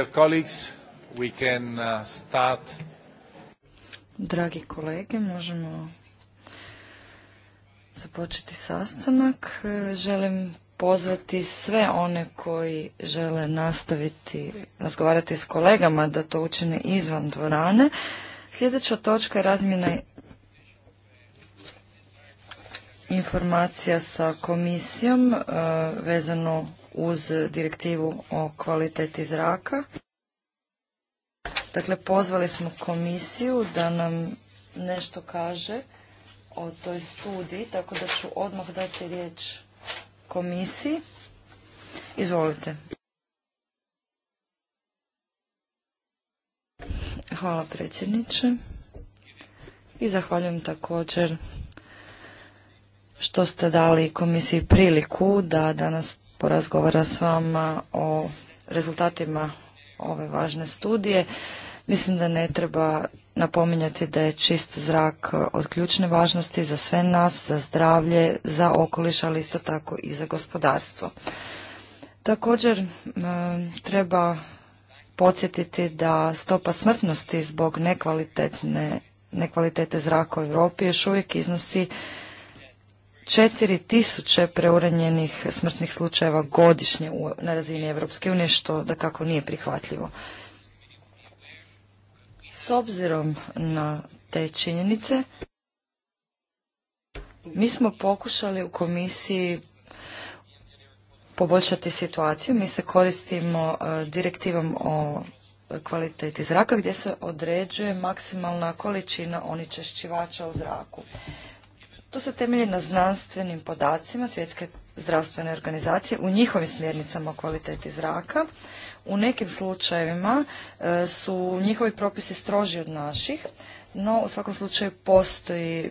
[SPEAKER 4] Uh, Dragi kolege, možemo započeti sastanak. Želim pozvati sve one koji žele nastaviti razgovarati s kolegama da to učine izvan dvorane. Sljedeća točka je razmjena informacija sa komisijom uh, vezano uz direktivu o kvaliteti zraka. Dakle, pozvali smo komisiju da nam nešto kaže o toj studiji, tako da ću odmah dati riječ komisiji. Izvolite. Hvala predsjedniče. I zahvaljujem također što ste dali komisiji priliku da danas porazgovara s vama o rezultatima ove važne studije. Mislim da ne treba napominjati da je čist zrak od ključne važnosti za sve nas, za zdravlje, za okoliš, ali isto tako i za gospodarstvo. Također treba podsjetiti da stopa smrtnosti zbog nekvalitete zraka u Europi još uvijek iznosi 4000 preuranjenih smrtnih slučajeva godišnje na razini Europske unije, što da kako nije prihvatljivo. S obzirom na te činjenice, mi smo pokušali u komisiji poboljšati situaciju. Mi se koristimo e, direktivom o kvaliteti zraka gdje se određuje maksimalna količina onečišćivača u zraku. To se temelji na znanstvenim podacima svjetske zdravstvene organizacije u njihovim smjernicama o kvaliteti zraka. U nekim slučajevima e, su njihovi propisi stroži od naših, no u svakom slučaju postoji e,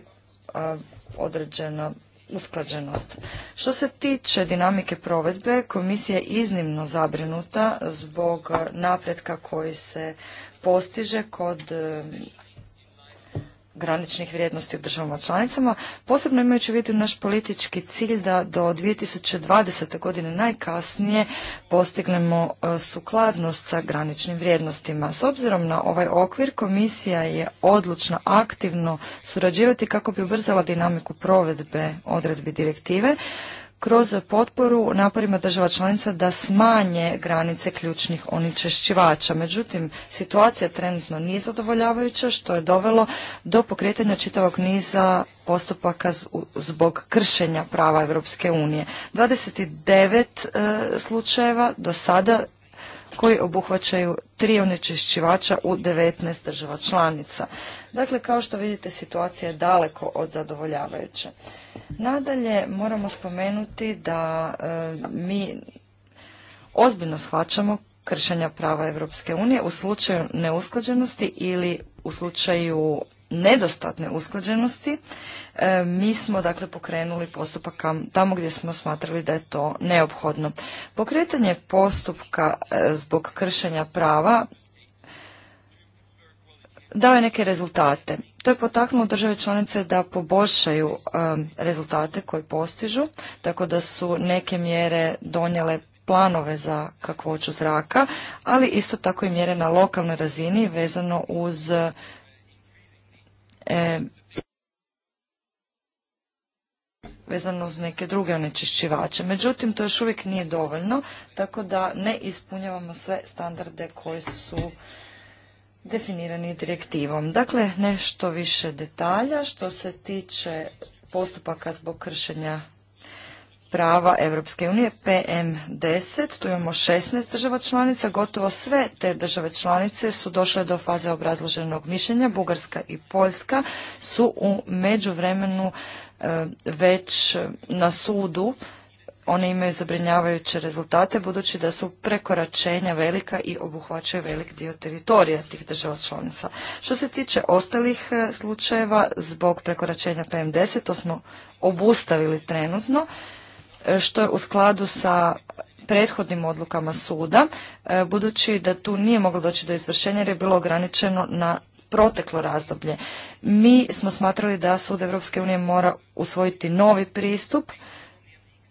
[SPEAKER 4] određena usklađenost. Što se tiče dinamike provedbe, komisija je iznimno zabrinuta zbog napretka koji se postiže kod e, graničnih vrijednosti u državama članicama, posebno imajući u vidu naš politički cilj da do 2020. godine najkasnije postignemo e, sukladnost sa graničnim vrijednostima. S obzirom na ovaj okvir, komisija je odlučna aktivno surađivati kako bi ubrzala dinamiku provedbe odredbi direktive, kroz potporu naporima država članica da smanje granice ključnih onečišćivača. Međutim, situacija trenutno nije zadovoljavajuća što je dovelo do pokretanja čitavog niza postupaka zbog kršenja prava Europske unije. 29 e, slučajeva do sada koji obuhvaćaju tri onečišćivača u 19 država članica. Dakle, kao što vidite, situacija je daleko od zadovoljavajuće. Nadalje, moramo spomenuti da e, mi ozbiljno shvaćamo kršenja prava Europske unije u slučaju neusklađenosti ili u slučaju nedostatne usklađenosti, e, mi smo dakle pokrenuli postupak tamo gdje smo smatrali da je to neophodno. Pokretanje postupka e, zbog kršenja prava dao je neke rezultate. To je potaknulo države članice da poboljšaju um, rezultate koje postižu, tako da su neke mjere donijele planove za kakvoću zraka, ali isto tako i mjere na lokalnoj razini vezano uz e, vezano uz neke druge onečišćivače. Međutim, to još uvijek nije dovoljno, tako da ne ispunjavamo sve standarde koji su definirani direktivom. Dakle, nešto više detalja što se tiče postupaka zbog kršenja prava Europske unije PM10. Tu imamo 16 država članica. Gotovo sve te države članice su došle do faze obrazloženog mišljenja. Bugarska i Poljska su u međuvremenu e, već na sudu one imaju zabrinjavajuće rezultate budući da su prekoračenja velika i obuhvaćaju velik dio teritorija tih država članica. Što se tiče ostalih e, slučajeva zbog prekoračenja PM10, to smo obustavili trenutno, e, što je u skladu sa prethodnim odlukama suda, e, budući da tu nije moglo doći do izvršenja jer je bilo ograničeno na proteklo razdoblje. Mi smo smatrali da Sud Europske unije mora usvojiti novi pristup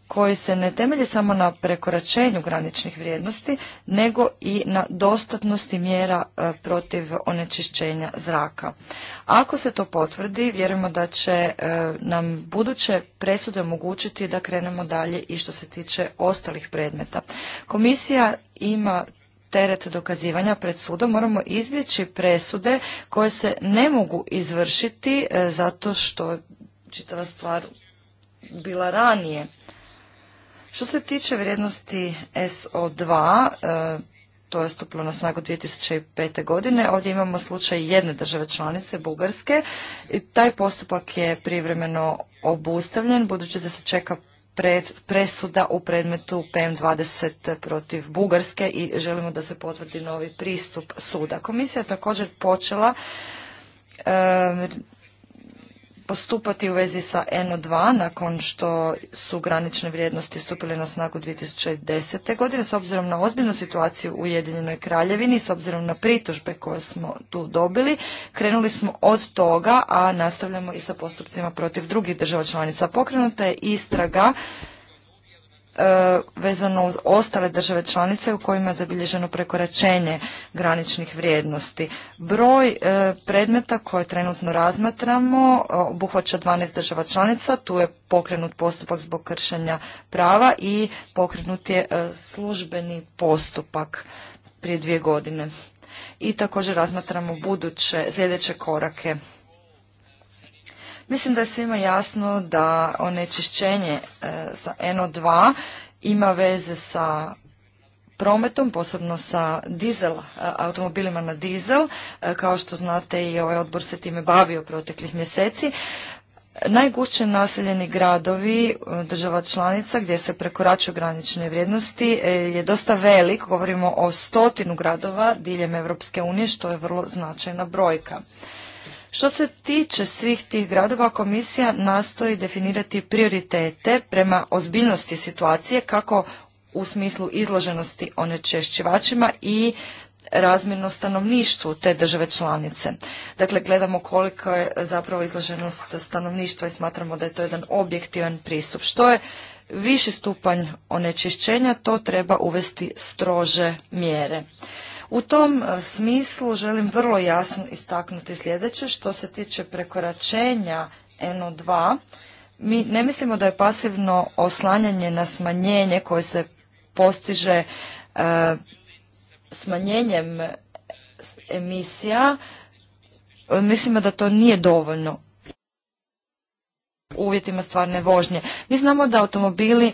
[SPEAKER 4] koji se ne temelji samo na prekoračenju graničnih vrijednosti, nego i na dostatnosti mjera e, protiv onečišćenja zraka. Ako se to potvrdi, vjerujemo da će e, nam buduće presude omogućiti da krenemo dalje i što se tiče ostalih predmeta. Komisija ima teret dokazivanja pred sudom moramo izbjeći presude koje se ne mogu izvršiti e, zato što čitava stvar bila ranije što se tiče vrijednosti SO2, e, to je stupilo na snagu 2005. godine. Ovdje imamo slučaj jedne države članice, Bugarske. I taj postupak je privremeno obustavljen, budući da se čeka presuda u predmetu PM20 protiv Bugarske i želimo da se potvrdi novi pristup suda. Komisija je također počela e, postupati u vezi sa NO2 nakon što su granične vrijednosti stupile na snagu 2010. godine s obzirom na ozbiljnu situaciju u Ujedinjenoj kraljevini s obzirom na pritužbe koje smo tu dobili. Krenuli smo od toga, a nastavljamo i sa postupcima protiv drugih država članica. Pokrenuta je istraga E, vezano uz ostale države članice u kojima je zabilježeno prekoračenje graničnih vrijednosti. Broj e, predmeta koje trenutno razmatramo e, obuhvaća 12 država članica, tu je pokrenut postupak zbog kršenja prava i pokrenut je službeni postupak prije dvije godine. I također razmatramo buduće sljedeće korake Mislim da je svima jasno da onečišćenje e, sa NO2 ima veze sa prometom, posebno sa dizel, e, automobilima na dizel. E, kao što znate i ovaj odbor se time bavio proteklih mjeseci. Najgušće naseljeni gradovi država članica gdje se prekoračuju granične vrijednosti je dosta velik, govorimo o stotinu gradova diljem Europske unije, što je vrlo značajna brojka. Što se tiče svih tih gradova, komisija nastoji definirati prioritete prema ozbiljnosti situacije kako u smislu izloženosti onečešćivačima i razmjerno stanovništvu te države članice. Dakle, gledamo koliko je zapravo izloženost stanovništva i smatramo da je to jedan objektivan pristup. Što je viši stupanj onečišćenja, to treba uvesti strože mjere. U tom e, smislu želim vrlo jasno istaknuti sljedeće što se tiče prekoračenja NO2. Mi ne mislimo da je pasivno oslanjanje na smanjenje koje se postiže e, smanjenjem emisija. E, mislimo da to nije dovoljno u uvjetima stvarne vožnje. Mi znamo da automobili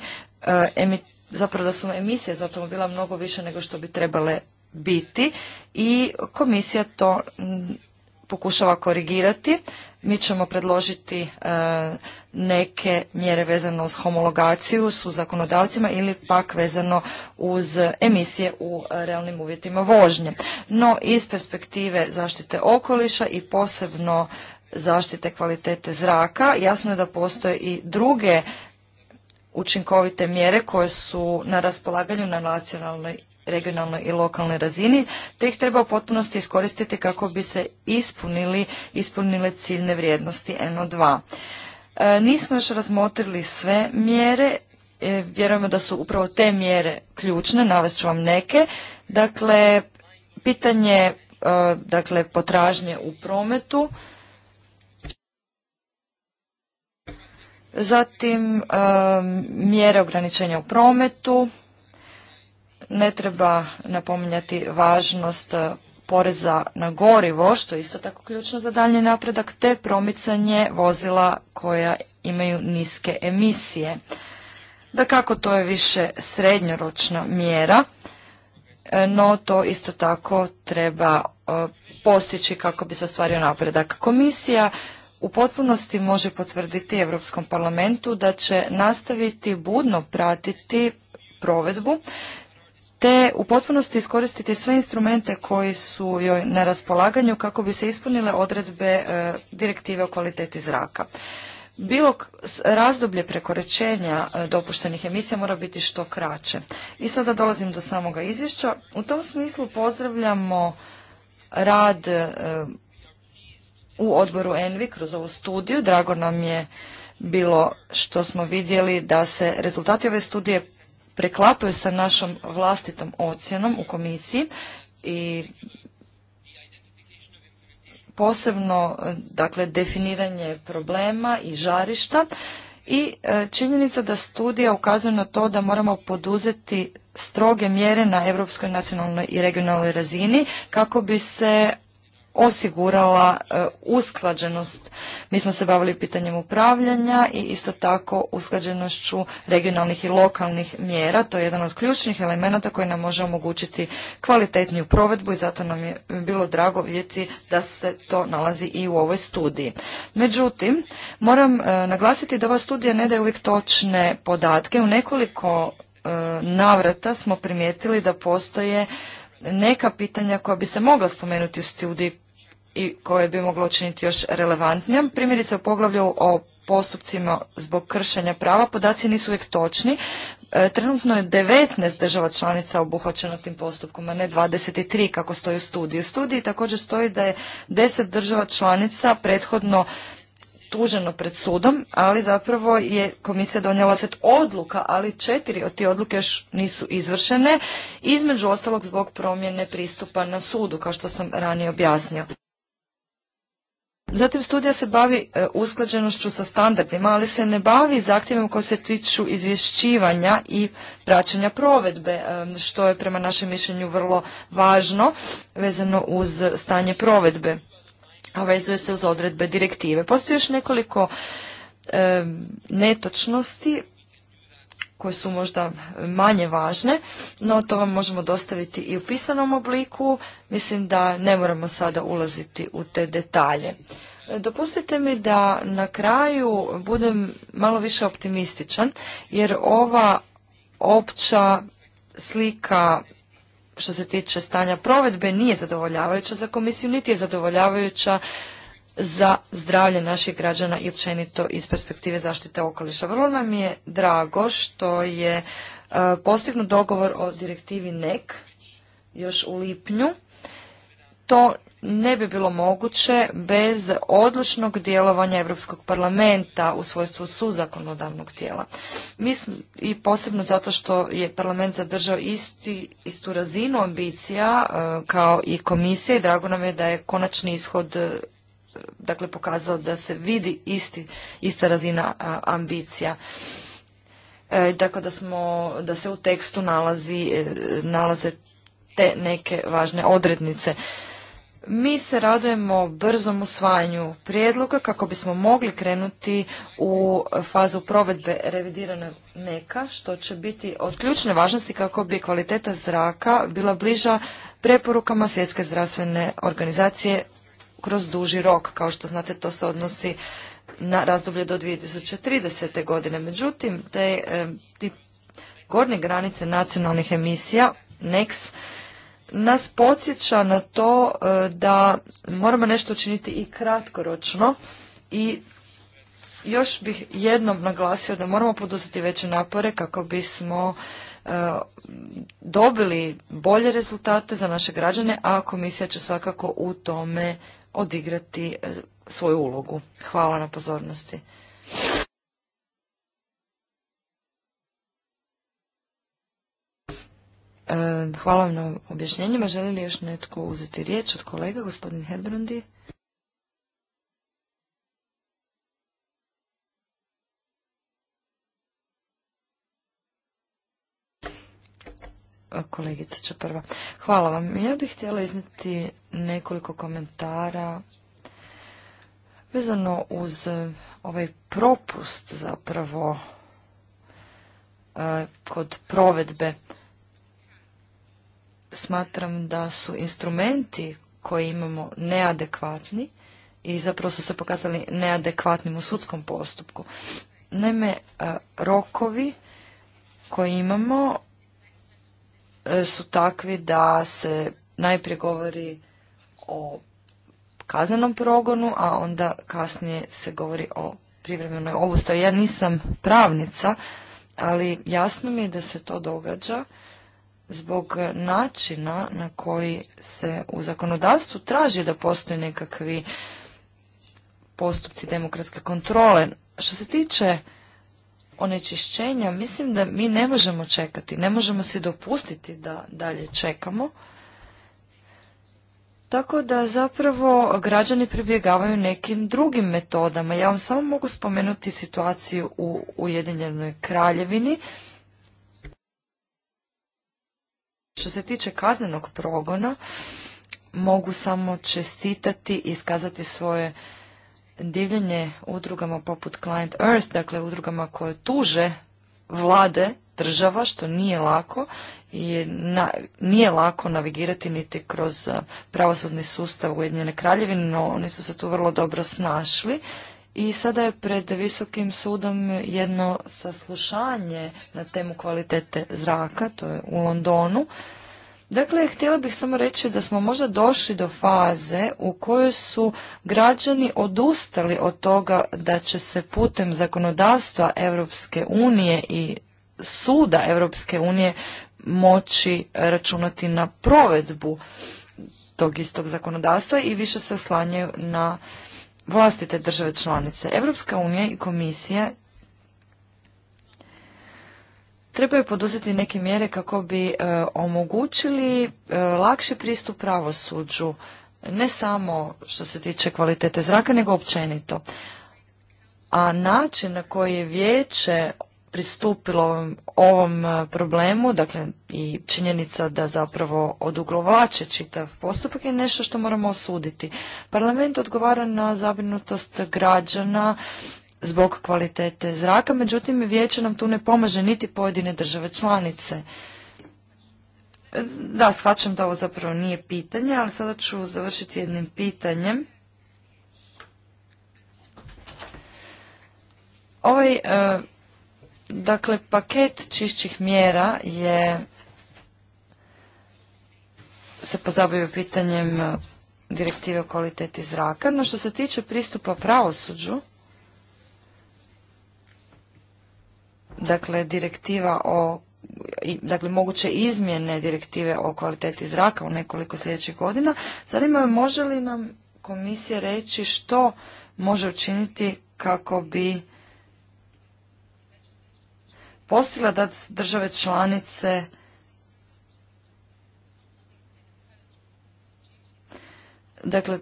[SPEAKER 4] zapravo da su emisije za automobila mnogo više nego što bi trebale biti i komisija to pokušava korigirati. Mi ćemo predložiti e, neke mjere vezano uz homologaciju su zakonodavcima ili pak vezano uz emisije u realnim uvjetima vožnje. No iz perspektive zaštite okoliša i posebno zaštite kvalitete zraka jasno je da postoje i druge učinkovite mjere koje su na raspolaganju na nacionalnoj regionalnoj i lokalnoj razini, te ih treba u potpunosti iskoristiti kako bi se ispunili, ispunile ciljne vrijednosti NO2. E, nismo još razmotrili sve mjere, e, vjerujemo da su upravo te mjere ključne, navest ću vam neke. Dakle, pitanje e, dakle, potražnje u prometu, zatim mjere ograničenja u prometu, ne treba napominjati važnost e, poreza na gorivo, što je isto tako ključno za daljnji napredak, te promicanje vozila koja imaju niske emisije. Da kako to je više srednjoročna mjera, e, no to isto tako treba e, postići kako bi se ostvario napredak. Komisija u potpunosti može potvrditi Europskom parlamentu da će nastaviti budno pratiti provedbu te u potpunosti iskoristiti sve instrumente koji su joj na raspolaganju kako bi se ispunile odredbe e, direktive o kvaliteti zraka. Bilo razdoblje prekoračenja e, dopuštenih emisija mora biti što kraće. I sada dolazim do samoga izvješća. U tom smislu pozdravljamo rad e, u odboru Envi kroz ovu studiju. Drago nam je bilo što smo vidjeli da se rezultati ove studije preklapaju sa našom vlastitom ocjenom u komisiji i posebno dakle definiranje problema i žarišta i e, činjenica da studija ukazuje na to da moramo poduzeti stroge mjere na europskoj nacionalnoj i regionalnoj razini kako bi se osigurala e, usklađenost. Mi smo se bavili pitanjem upravljanja i isto tako usklađenošću regionalnih i lokalnih mjera. To je jedan od ključnih elemenata koji nam može omogućiti kvalitetniju provedbu i zato nam je bilo drago vidjeti da se to nalazi i u ovoj studiji. Međutim, moram e, naglasiti da ova studija ne daje uvijek točne podatke. U nekoliko e, navrata smo primijetili da postoje neka pitanja koja bi se mogla spomenuti u studiji i koje bi moglo učiniti još relevantnijom. Primjerice u poglavlju o postupcima zbog kršenja prava podaci nisu uvijek točni. E, trenutno je 19 država članica obuhvaćeno tim postupkom, a ne 23 kako stoji u studiji. U studiji također stoji da je 10 država članica prethodno tuženo pred sudom, ali zapravo je komisija donijela set odluka, ali četiri od tih odluke još nisu izvršene, između ostalog zbog promjene pristupa na sudu, kao što sam ranije objasnio. Zatim studija se bavi e, usklađenošću sa standardima, ali se ne bavi zahtjevima koji se tiču izvješćivanja i praćenja provedbe, e, što je prema našem mišljenju vrlo važno vezano uz stanje provedbe a vezuje se uz odredbe direktive. Postoji još nekoliko e, netočnosti koje su možda manje važne, no to vam možemo dostaviti i u pisanom obliku. Mislim da ne moramo sada ulaziti u te detalje. Dopustite mi da na kraju budem malo više optimističan, jer ova opća slika što se tiče stanja provedbe nije zadovoljavajuća za komisiju, niti je zadovoljavajuća za zdravlje naših građana i općenito iz perspektive zaštite okoliša. Vrlo nam je drago što je e, postignut dogovor o direktivi NEC još u lipnju to ne bi bilo moguće bez odlučnog djelovanja Europskog parlamenta u svojstvu suzakonodavnog tijela. Mislim i posebno zato što je parlament zadržao isti, istu razinu ambicija e, kao i komisije i drago nam je da je konačni ishod e, dakle pokazao da se vidi isti, ista razina ambicija. E, dakle, da, smo, da se u tekstu nalazi, nalaze te neke važne odrednice. Mi se radujemo brzom usvajanju prijedloga kako bismo mogli krenuti u fazu provedbe revidirane neka, što će biti od ključne važnosti kako bi kvaliteta zraka bila bliža preporukama Svjetske zdravstvene organizacije kroz duži rok. Kao što znate, to se odnosi na razdoblje do 2030. godine. Međutim, te, eh, ti gornje granice nacionalnih emisija, NEX, nas podsjeća na to e, da moramo nešto učiniti i kratkoročno i još bih jednom naglasio da moramo poduzeti veće napore kako bismo e, dobili bolje rezultate za naše građane, a komisija će svakako u tome odigrati e, svoju ulogu. Hvala na pozornosti. E, hvala vam na objašnjenjima. Želi li još netko uzeti riječ od kolega, gospodin Herbrandi? E, kolegica će prva. Hvala vam. Ja bih htjela izniti nekoliko komentara vezano uz ovaj propust zapravo e, kod provedbe smatram da su instrumenti koje imamo neadekvatni i zapravo su se pokazali neadekvatnim u sudskom postupku. Naime, e, rokovi koji imamo e, su takvi da se najprije govori o kaznenom progonu, a onda kasnije se govori o privremenoj obustavi. Ja nisam pravnica, ali jasno mi je da se to događa zbog načina na koji se u zakonodavstvu traži da postoje nekakvi postupci demokratske kontrole. Što se tiče onečišćenja, mislim da mi ne možemo čekati, ne možemo si dopustiti da dalje čekamo. Tako da zapravo građani pribjegavaju nekim drugim metodama. Ja vam samo mogu spomenuti situaciju u Ujedinjenoj kraljevini Što se tiče kaznenog progona, mogu samo čestitati i iskazati svoje divljenje udrugama poput Client Earth, dakle udrugama koje tuže vlade država, što nije lako i nije lako navigirati niti kroz eh, pravosudni sustav Ujedinjene kraljevine, no oni su se tu vrlo dobro snašli i sada je pred Visokim sudom jedno saslušanje na temu kvalitete zraka, to je u Londonu. Dakle, htjela bih samo reći da smo možda došli do faze u kojoj su građani odustali od toga da će se putem zakonodavstva Europske unije i suda Europske unije moći računati na provedbu tog istog zakonodavstva i više se oslanjaju na vlastite države članice. Europska unija i komisija trebaju poduzeti neke mjere kako bi e, omogućili e, lakši pristup pravosuđu, ne samo što se tiče kvalitete zraka, nego općenito. A način na koji je vijeće pristupilo ovom e, problemu, dakle i činjenica da zapravo odugovlače čitav postupak je nešto što moramo osuditi. Parlament odgovara na zabrinutost građana zbog kvalitete zraka, međutim vijeće nam tu ne pomaže niti pojedine države članice. Da, shvaćam da ovo zapravo nije pitanje, ali sada ću završiti jednim pitanjem. Ovaj e, Dakle, paket čišćih mjera je se pozabavio pitanjem e, direktive o kvaliteti zraka. No što se tiče pristupa pravosuđu, dakle direktiva o dakle moguće izmjene direktive o kvaliteti zraka u nekoliko sljedećih godina, zanima je može li nam komisija reći što može učiniti kako bi postigla da države članice dakle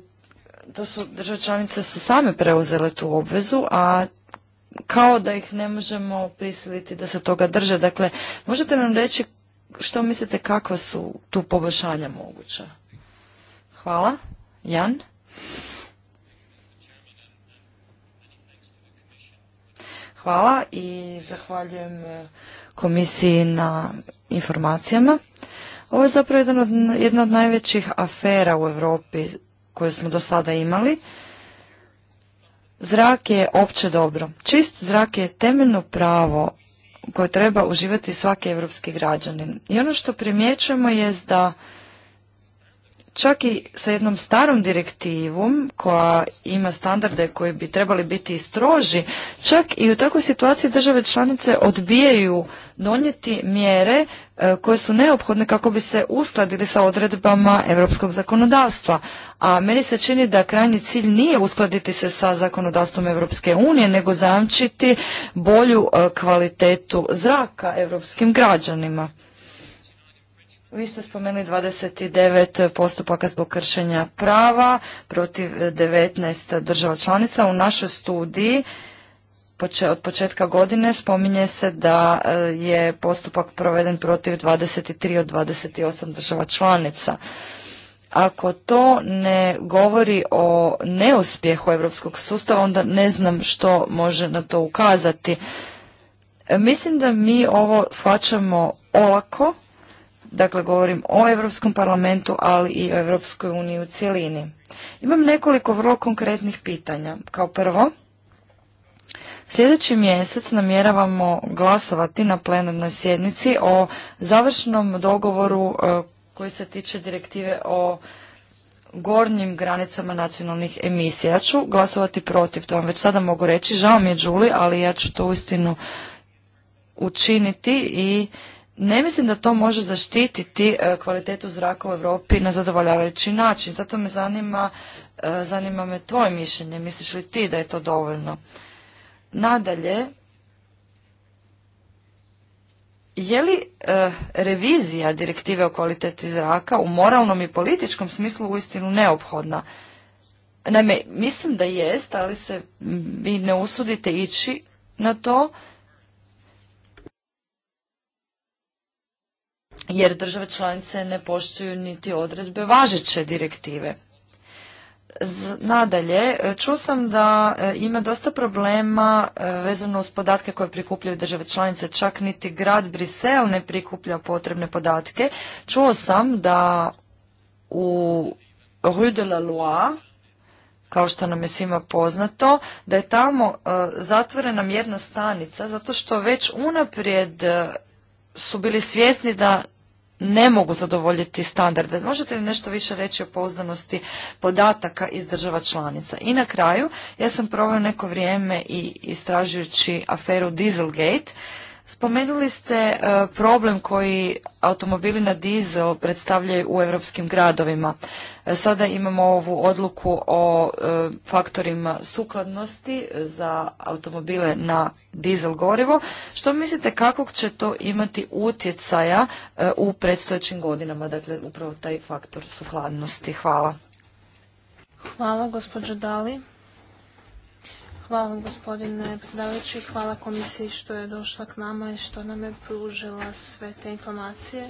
[SPEAKER 4] to su države članice su same preuzele tu obvezu, a kao da ih ne možemo prisiliti da se toga drže. Dakle, možete nam reći što mislite kakva su tu poboljšanja moguća? Hvala. Jan? Hvala i zahvaljujem e, komisiji na informacijama. Ovo je zapravo jedna od, najvećih afera u Europi koje smo do sada imali. Zrak je opće dobro. Čist zrak je temeljno pravo koje treba uživati svaki europski građanin. I ono što primjećujemo je da čak i sa jednom starom direktivom koja ima standarde koji bi trebali biti stroži, čak i u takvoj situaciji države članice odbijaju donijeti mjere e, koje su neophodne kako bi se uskladili sa odredbama europskog zakonodavstva. A meni se čini da krajnji cilj nije uskladiti se sa zakonodavstvom Europske unije, nego zajamčiti bolju e, kvalitetu zraka europskim građanima. Vi ste spomenuli 29 postupaka zbog kršenja prava protiv 19 država članica. U našoj studiji od početka godine spominje se da e, je postupak proveden protiv 23 od 28 država članica. Ako to ne govori o neuspjehu europskog sustava, onda ne znam što može na to ukazati. E, mislim da mi ovo shvaćamo olako, Dakle, govorim o Europskom parlamentu, ali i o Europskoj uniji u cjelini. Imam nekoliko vrlo konkretnih pitanja. Kao prvo, sljedeći mjesec namjeravamo glasovati na plenarnoj sjednici o završnom dogovoru e, koji se tiče direktive o gornjim granicama nacionalnih emisija. Ja ću glasovati protiv, to vam već sada mogu reći. Žao mi je ali ja ću to uistinu učiniti i ne mislim da to može zaštititi e, kvalitetu zraka u Europi na zadovoljavajući način. Zato me zanima, e, zanima me tvoje mišljenje. Misliš li ti da je to dovoljno? Nadalje, je li e, revizija direktive o kvaliteti zraka u moralnom i političkom smislu uistinu neophodna? Naime, mislim da jest, ali se vi ne usudite ići na to jer države članice ne poštuju niti odredbe važeće direktive. Nadalje, čuo sam da e, ima dosta problema e, vezano uz podatke koje prikupljaju države članice, čak niti grad Brisel ne prikuplja potrebne podatke. Čuo sam da u Rue de la Loire, kao što nam je svima poznato, da je tamo e, zatvorena mjerna stanica zato što već unaprijed su bili svjesni da ne mogu zadovoljiti standarde. Možete li nešto više reći o poznanosti podataka iz država članica? I na kraju, ja sam proveo neko vrijeme i istražujući aferu Dieselgate Spomenuli ste e, problem koji automobili na dizel predstavljaju u europskim gradovima. E, sada imamo ovu odluku o e, faktorima sukladnosti za automobile na dizel gorivo. Što mislite kakvog će to imati utjecaja u predstojećim godinama, dakle upravo taj faktor sukladnosti? Hvala.
[SPEAKER 3] Hvala gospođo Dali. Hvala gospodine predsjedavajući, hvala komisiji što je došla k nama i što nam je pružila sve te informacije.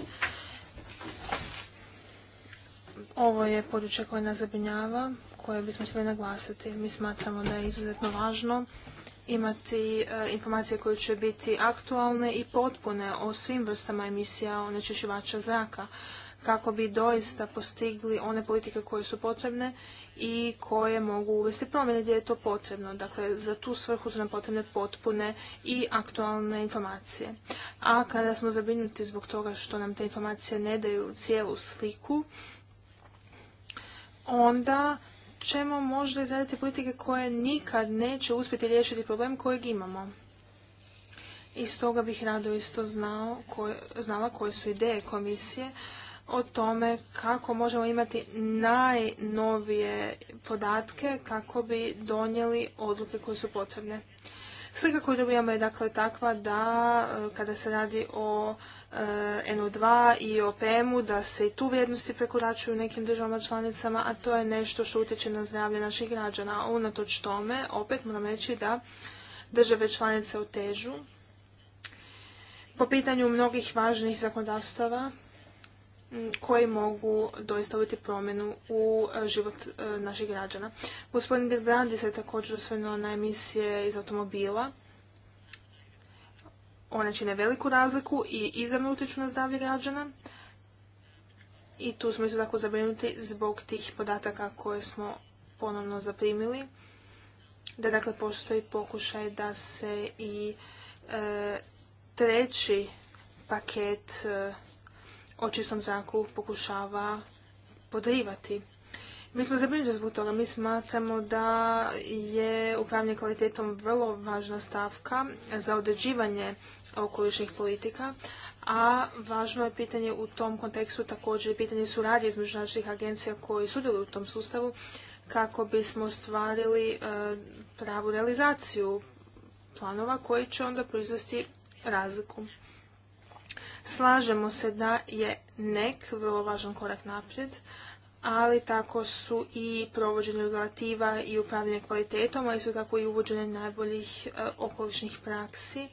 [SPEAKER 3] Ovo je područje koje nas zabrinjava, koje bismo htjeli naglasiti. Mi smatramo da je izuzetno važno imati e, informacije koje će biti aktualne i potpune o svim vrstama emisija onečišćivača zraka kako bi doista postigli one politike koje su potrebne i koje mogu uvesti promjene gdje je to potrebno. Dakle, za tu svrhu su nam potrebne potpune i aktualne informacije. A kada smo zabrinuti zbog toga što nam te informacije ne daju cijelu sliku, onda ćemo možda izraditi politike koje nikad neće uspjeti riješiti problem kojeg imamo. I stoga bih rado isto znao, znala koje su ideje komisije o tome kako možemo imati najnovije podatke kako bi donijeli odluke koje su potrebne. Slika koju dobijamo je dakle takva da e, kada se radi o e, NO2 i o PM-u da se i tu vrijednosti prekoračuju u nekim državama članicama, a to je nešto što utječe na zdravlje naših građana. unatoč tome, opet moram reći da države članice otežu po pitanju mnogih važnih zakonodavstava koji mogu doista uvjeti promjenu u e, život e, naših građana. Gospodin Gerbrandi se također osvrnuo na emisije iz automobila. One čine veliku razliku i izravno utječu na zdravlje građana. I tu smo isto tako zabrinuti zbog tih podataka koje smo ponovno zaprimili. Da dakle postoji pokušaj da se i e, treći paket o čistom zraku pokušava podrivati. Mi smo zabrinuti zbog toga. Mi smatramo da je upravljanje kvalitetom vrlo važna stavka za određivanje okolišnih politika, a važno je pitanje u tom kontekstu također pitanje suradnje između naših agencija koji sudjeluju u tom sustavu kako bismo stvarili e, pravu realizaciju planova koji će onda proizvesti razliku. Slažemo se da je nek vrlo važan korak naprijed, ali tako su i provođenje regulativa i upravljanje kvalitetom, a su tako i uvođenje najboljih eh, okolišnih praksi,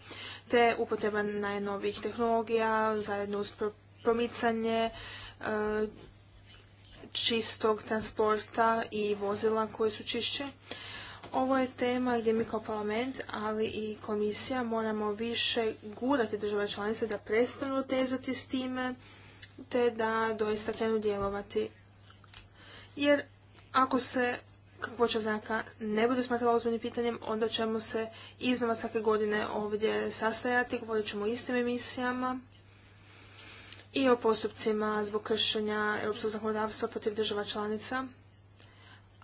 [SPEAKER 3] te upotreba najnovijih tehnologija, zajedno uz promicanje eh, čistog transporta i vozila koje su čišće. Ovo je tema gdje mi kao parlament, ali i komisija moramo više gurati države članice da prestanu tezati s time, te da doista krenu djelovati. Jer ako se kakvoća znaka ne bude smatrala ozbiljnim pitanjem, onda ćemo se iznova svake godine ovdje sastajati, govorit ćemo o istim emisijama i o postupcima zbog kršenja europskog zakonodavstva protiv država članica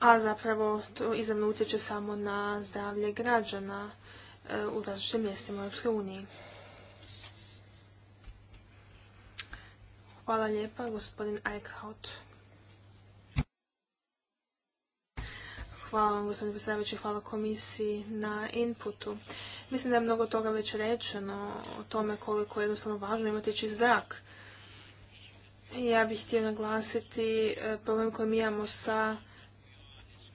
[SPEAKER 3] a zapravo to izravno utječe samo na zdravlje građana e, u različitim mjestima u EU. Hvala lijepa, gospodin Eichhout. Hvala vam, gospodine predsjedavajući, hvala komisiji na inputu. Mislim da je mnogo toga već rečeno o tome koliko je jednostavno važno imati čist zrak. Ja bih htio naglasiti e, problem koji mi imamo sa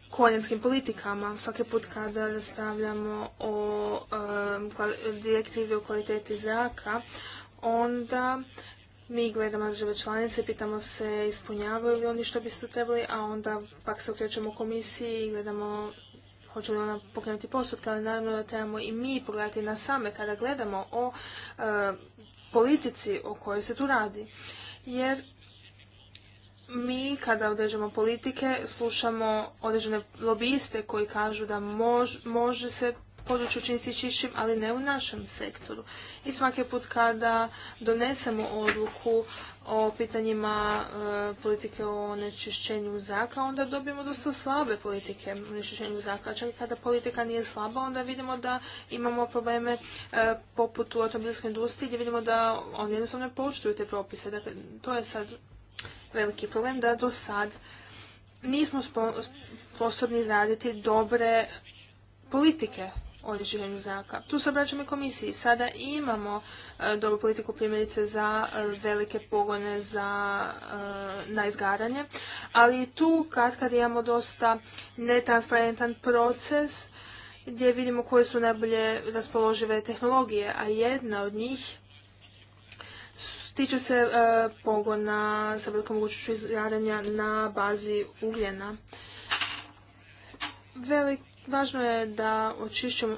[SPEAKER 3] korijenskim politikama. Svaki put kada raspravljamo o direktivi o kvaliteti zraka, onda mi gledamo države članice, pitamo se ispunjavaju li oni što bi se trebali, a onda pak se okrećemo komisiji i gledamo hoće li ona pokrenuti postupke, ali naravno da trebamo i mi pogledati na same kada gledamo o politici o kojoj se tu radi. Jer mi kada određujemo politike slušamo određene lobiste koji kažu da može se područje učiniti čišćim, ali ne u našem sektoru. I svaki put kada donesemo odluku o pitanjima e, politike o nečišćenju zraka, onda dobijemo dosta slabe politike o onečišćenju zraka. Čak i kada politika nije slaba, onda vidimo da imamo probleme e, poput u automobilskoj industriji gdje vidimo da oni jednostavno ne poštuju te propise. Dakle, to je sad veliki problem da do sad nismo sposobni izraditi dobre politike o rješenju zraka. Tu se obraćamo i komisiji. Sada imamo dobu e, dobru politiku primjerice za e, velike pogone za naizgaranje, na izgaranje, ali tu kad kad imamo dosta netransparentan proces gdje vidimo koje su najbolje raspoložive tehnologije, a jedna od njih tiče se e, pogona sa velikom mogućnošću na bazi ugljena. važno je da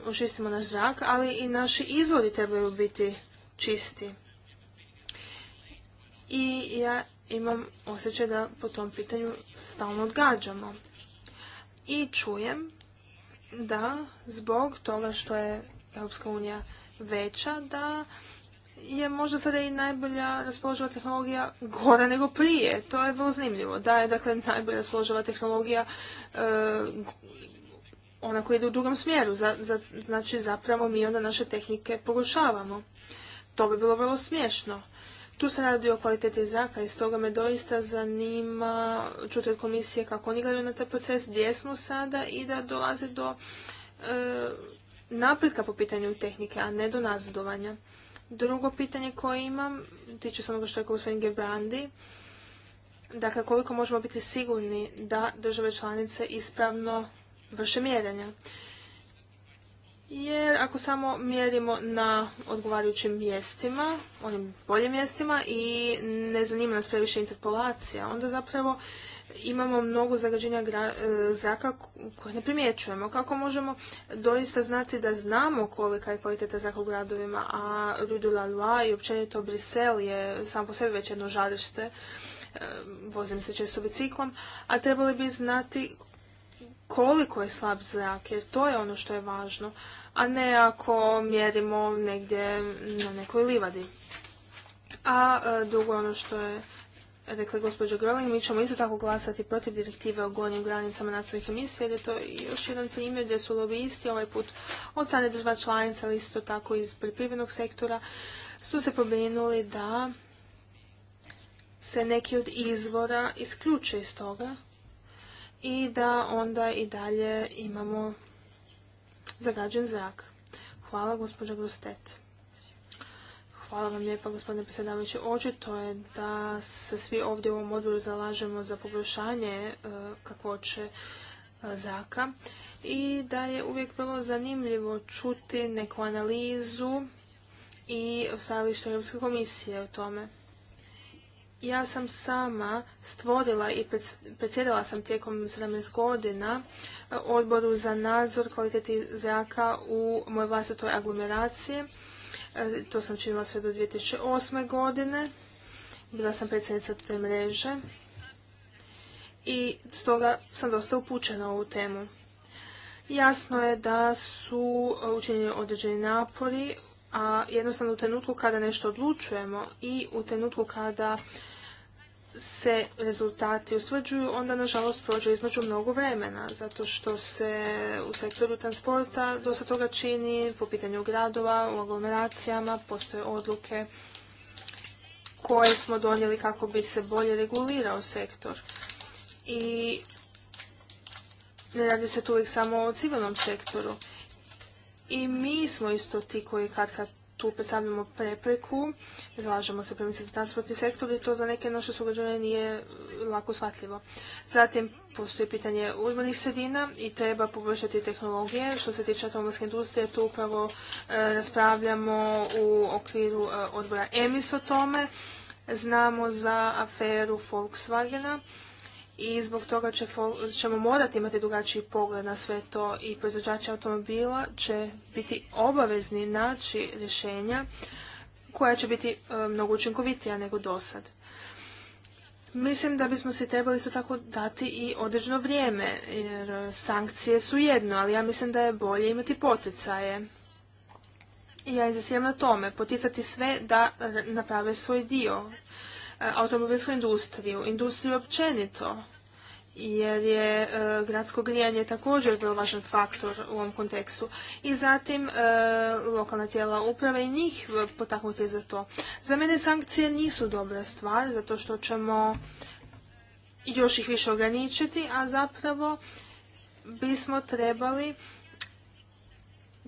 [SPEAKER 3] očistimo naš zrak, ali i naši izvodi trebaju biti čisti. I ja imam osjećaj da po tom pitanju stalno odgađamo. I čujem da zbog toga što je Europska unija veća, da je možda sada i najbolja raspoloživa tehnologija gora nego prije. To je vrlo zanimljivo. Da je dakle najbolja raspoloživa tehnologija e, ona koja ide u drugom smjeru. Za, znači zapravo mi onda naše tehnike porušavamo. To bi bilo vrlo smiješno. Tu se radi o kvaliteti zraka i stoga me doista zanima čuti komisije kako oni gledaju na taj proces, gdje smo sada i da dolazi do e, napretka po pitanju tehnike, a ne do nazadovanja. Drugo pitanje koje imam, tiče se onoga što je gospodin Gebrandi, dakle koliko možemo biti sigurni da države članice ispravno vrše mjerenja. Jer ako samo mjerimo na odgovarajućim mjestima, onim boljim mjestima i ne zanima nas previše interpolacija, onda zapravo imamo mnogo zagađenja e, zraka koje ne primjećujemo. Kako možemo doista znati da znamo kolika je kvaliteta zraka u gradovima, a Rue de la i općenito Brisel je sam po sebi već jedno žarište, e, vozim se često biciklom, a trebali bi znati koliko je slab zrak, jer to je ono što je važno, a ne ako mjerimo negdje na nekoj livadi. A e, drugo ono što je rekla dakle, gospođo Grolin, mi ćemo isto tako glasati protiv direktive o gornjim granicama nacionalnih emisija, jer je to još jedan primjer gdje su lobisti ovaj put od strane država članica, ali isto tako iz poljoprivrednog sektora, su se pobrinuli da se neki od izvora isključe iz toga i da onda i dalje imamo zagađen zrak. Hvala gospođa Grostet. Hvala vam lijepa, gospodine predsjedavajući. Očito je da se svi ovdje u ovom odboru zalažemo za poboljšanje e, kakvoće e, zaka i da je uvijek vrlo zanimljivo čuti neku analizu i stajalište Europske komisije o tome. Ja sam sama stvorila i predsjedala sam tijekom 17 godina e, odboru za nadzor kvaliteti zraka u mojoj vlastitoj aglomeraciji E, to sam činila sve do 2008. godine. Bila sam predsjednica te mreže i stoga sam dosta upućena u ovu temu. Jasno je da su učinjeni određeni napori, a jednostavno u trenutku kada nešto odlučujemo i u trenutku kada se rezultati ustvrđuju, onda nažalost prođe između mnogo vremena, zato što se u sektoru transporta dosta toga čini po pitanju gradova, u aglomeracijama, postoje odluke koje smo donijeli kako bi se bolje regulirao sektor. I ne radi se tu uvijek samo o civilnom sektoru. I mi smo isto ti koji kad kad tu predstavljamo prepreku, izlažemo se premisliti za transportni sektor i to za neke naše sugrađane nije lako shvatljivo. Zatim postoji pitanje urbanih sredina i treba poboljšati tehnologije. Što se tiče automobilske industrije, tu upravo e, raspravljamo u okviru e, odbora EMIS o tome. Znamo za aferu Volkswagena i zbog toga ćemo morati imati drugačiji pogled na sve to i proizvođači automobila će biti obavezni naći rješenja koja će biti e, mnogo učinkovitija nego dosad. Mislim da bismo si trebali isto tako dati i određeno vrijeme, jer sankcije su jedno, ali ja mislim da je bolje imati poticaje. I ja izasijem na tome, poticati sve da naprave svoj dio automobilsku industriju, industriju općenito, jer je e, gradsko grijanje također vrlo važan faktor u ovom kontekstu. I zatim e, lokalna tijela uprave i njih potaknuti za to. Za mene sankcije nisu dobra stvar, zato što ćemo još ih više ograničiti, a zapravo bismo trebali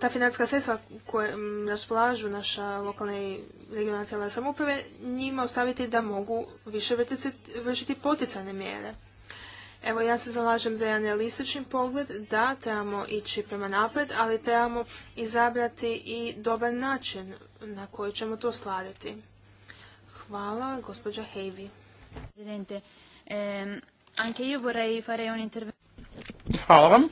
[SPEAKER 3] ta financijska sredstva koje raspolažu naša lokalna i regionalna tijela samouprave njima ostaviti da mogu više vršiti poticane mjere. Evo ja se zalažem za jedan realistični pogled, da trebamo ići prema napred, ali trebamo izabrati i dobar način na koji ćemo to stvariti. Hvala, gospođa Hevi. Ehm,
[SPEAKER 2] Hvala vam.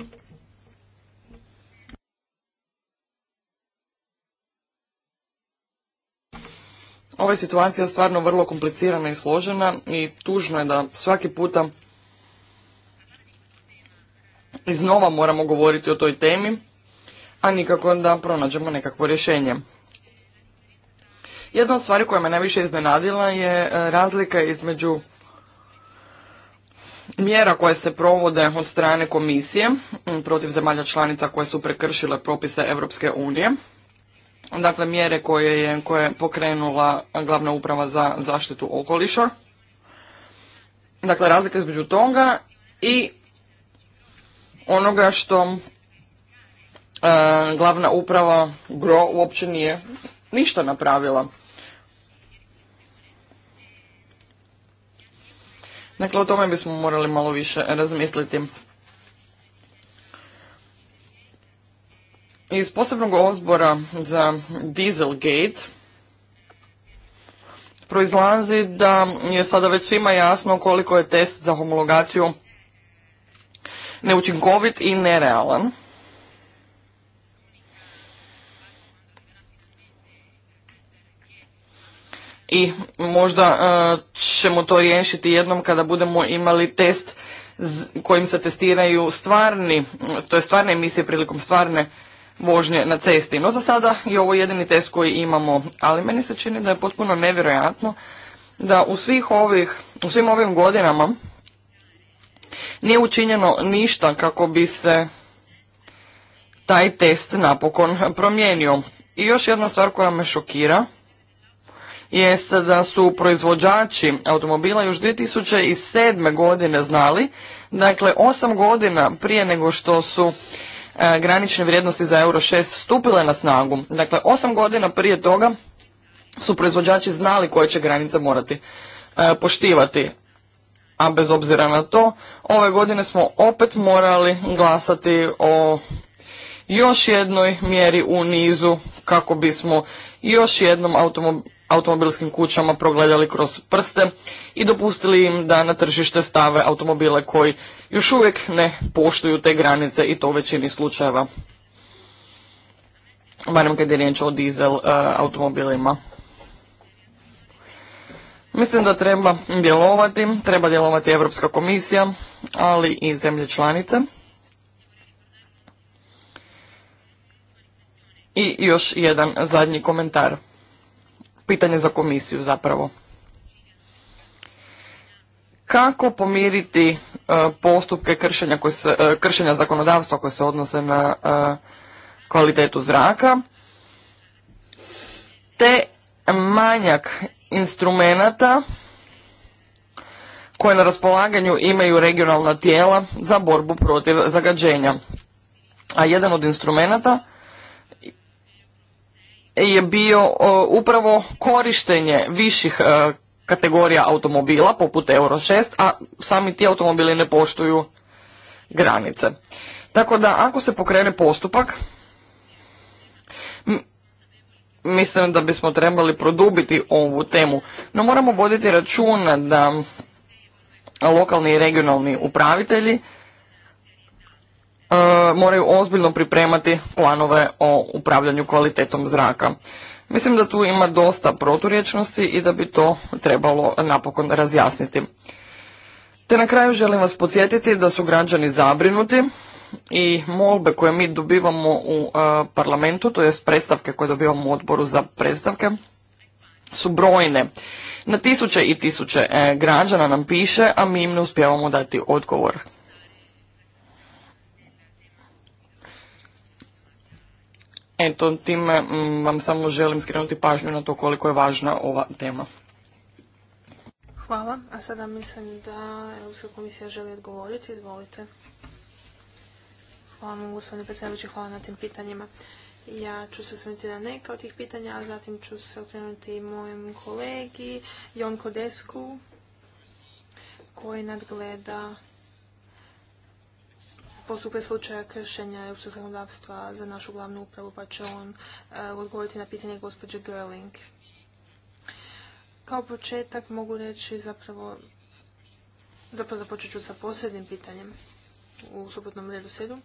[SPEAKER 2] ova je situacija stvarno vrlo komplicirana i složena i tužno je da svaki puta iznova moramo govoriti o toj temi, a nikako da pronađemo nekakvo rješenje. Jedna od stvari koja me najviše iznenadila je e, razlika između mjera koje se provode od strane komisije protiv zemalja članica koje su prekršile propise Europske unije dakle mjere koje je, koje pokrenula glavna uprava za zaštitu okoliša. Dakle, razlika između toga i onoga što e, glavna uprava GRO uopće nije ništa napravila. Dakle, o tome bismo morali malo više razmisliti. iz posebnog ozbora za Dieselgate proizlazi da je sada već svima jasno koliko je test za homologaciju neučinkovit i nerealan. I možda e, ćemo to riješiti jednom kada budemo imali test kojim se testiraju stvarni, to je stvarne emisije prilikom stvarne vožnje na cesti. No za sada je ovo jedini test koji imamo, ali meni se čini da je potpuno nevjerojatno da u, svih ovih, u svim ovim godinama nije učinjeno ništa kako bi se taj test napokon promijenio. I još jedna stvar koja me šokira jest da su proizvođači automobila još 2007. godine znali, dakle 8 godina prije nego što su E, granične vrijednosti za euro 6 stupile na snagu. Dakle, osam godina prije toga su proizvođači znali koje će granice morati e, poštivati. A bez obzira na to, ove godine smo opet morali glasati o još jednoj mjeri u nizu kako bismo još jednom automobil automobilskim kućama progledali kroz prste i dopustili im da na tržište stave automobile koji još uvijek ne poštuju te granice i to u većini slučajeva. Barem kad je riječ o dizel e, automobilima. Mislim da treba djelovati, treba djelovati Europska komisija, ali i zemlje članice. I još jedan zadnji komentar pitanje za komisiju zapravo. Kako pomiriti e, postupke kršenja, e, kršenja zakonodavstva koje se odnose na e, kvalitetu zraka, te manjak instrumenata koje na raspolaganju imaju regionalna tijela za borbu protiv zagađenja. A jedan od instrumenata je bio e, upravo korištenje viših e, kategorija automobila poput Euro 6, a sami ti automobili ne poštuju granice. Tako da ako se pokrene postupak, mislim da bismo trebali produbiti ovu temu, no moramo voditi računa da lokalni i regionalni upravitelji E, moraju ozbiljno pripremati planove o upravljanju kvalitetom zraka. Mislim da tu ima dosta proturječnosti i da bi to trebalo napokon razjasniti. Te na kraju želim vas podsjetiti da su građani zabrinuti i molbe koje mi dobivamo u e, parlamentu, to jest predstavke koje dobivamo u odboru za predstavke, su brojne. Na tisuće i tisuće e, građana nam piše, a mi im ne uspijevamo dati odgovor. Eto, time mm, vam samo želim skrenuti pažnju na to koliko je važna ova tema.
[SPEAKER 3] Hvala. A sada mislim da Europska komisija želi odgovoriti. Izvolite. Hvala vam, gospodine predsjedavajući, hvala na tim pitanjima. Ja ću se osvrnuti na neka od tih pitanja, a zatim ću se okrenuti i mojem kolegi, Jonko Desku, koji nadgleda postupe slučaja kršenja europskog zakonodavstva za našu glavnu upravu, pa će on e, odgovoriti na pitanje gospođe Gerling. Kao početak mogu reći zapravo, zapravo započet ću sa posljednim pitanjem u subotnom redu sedu.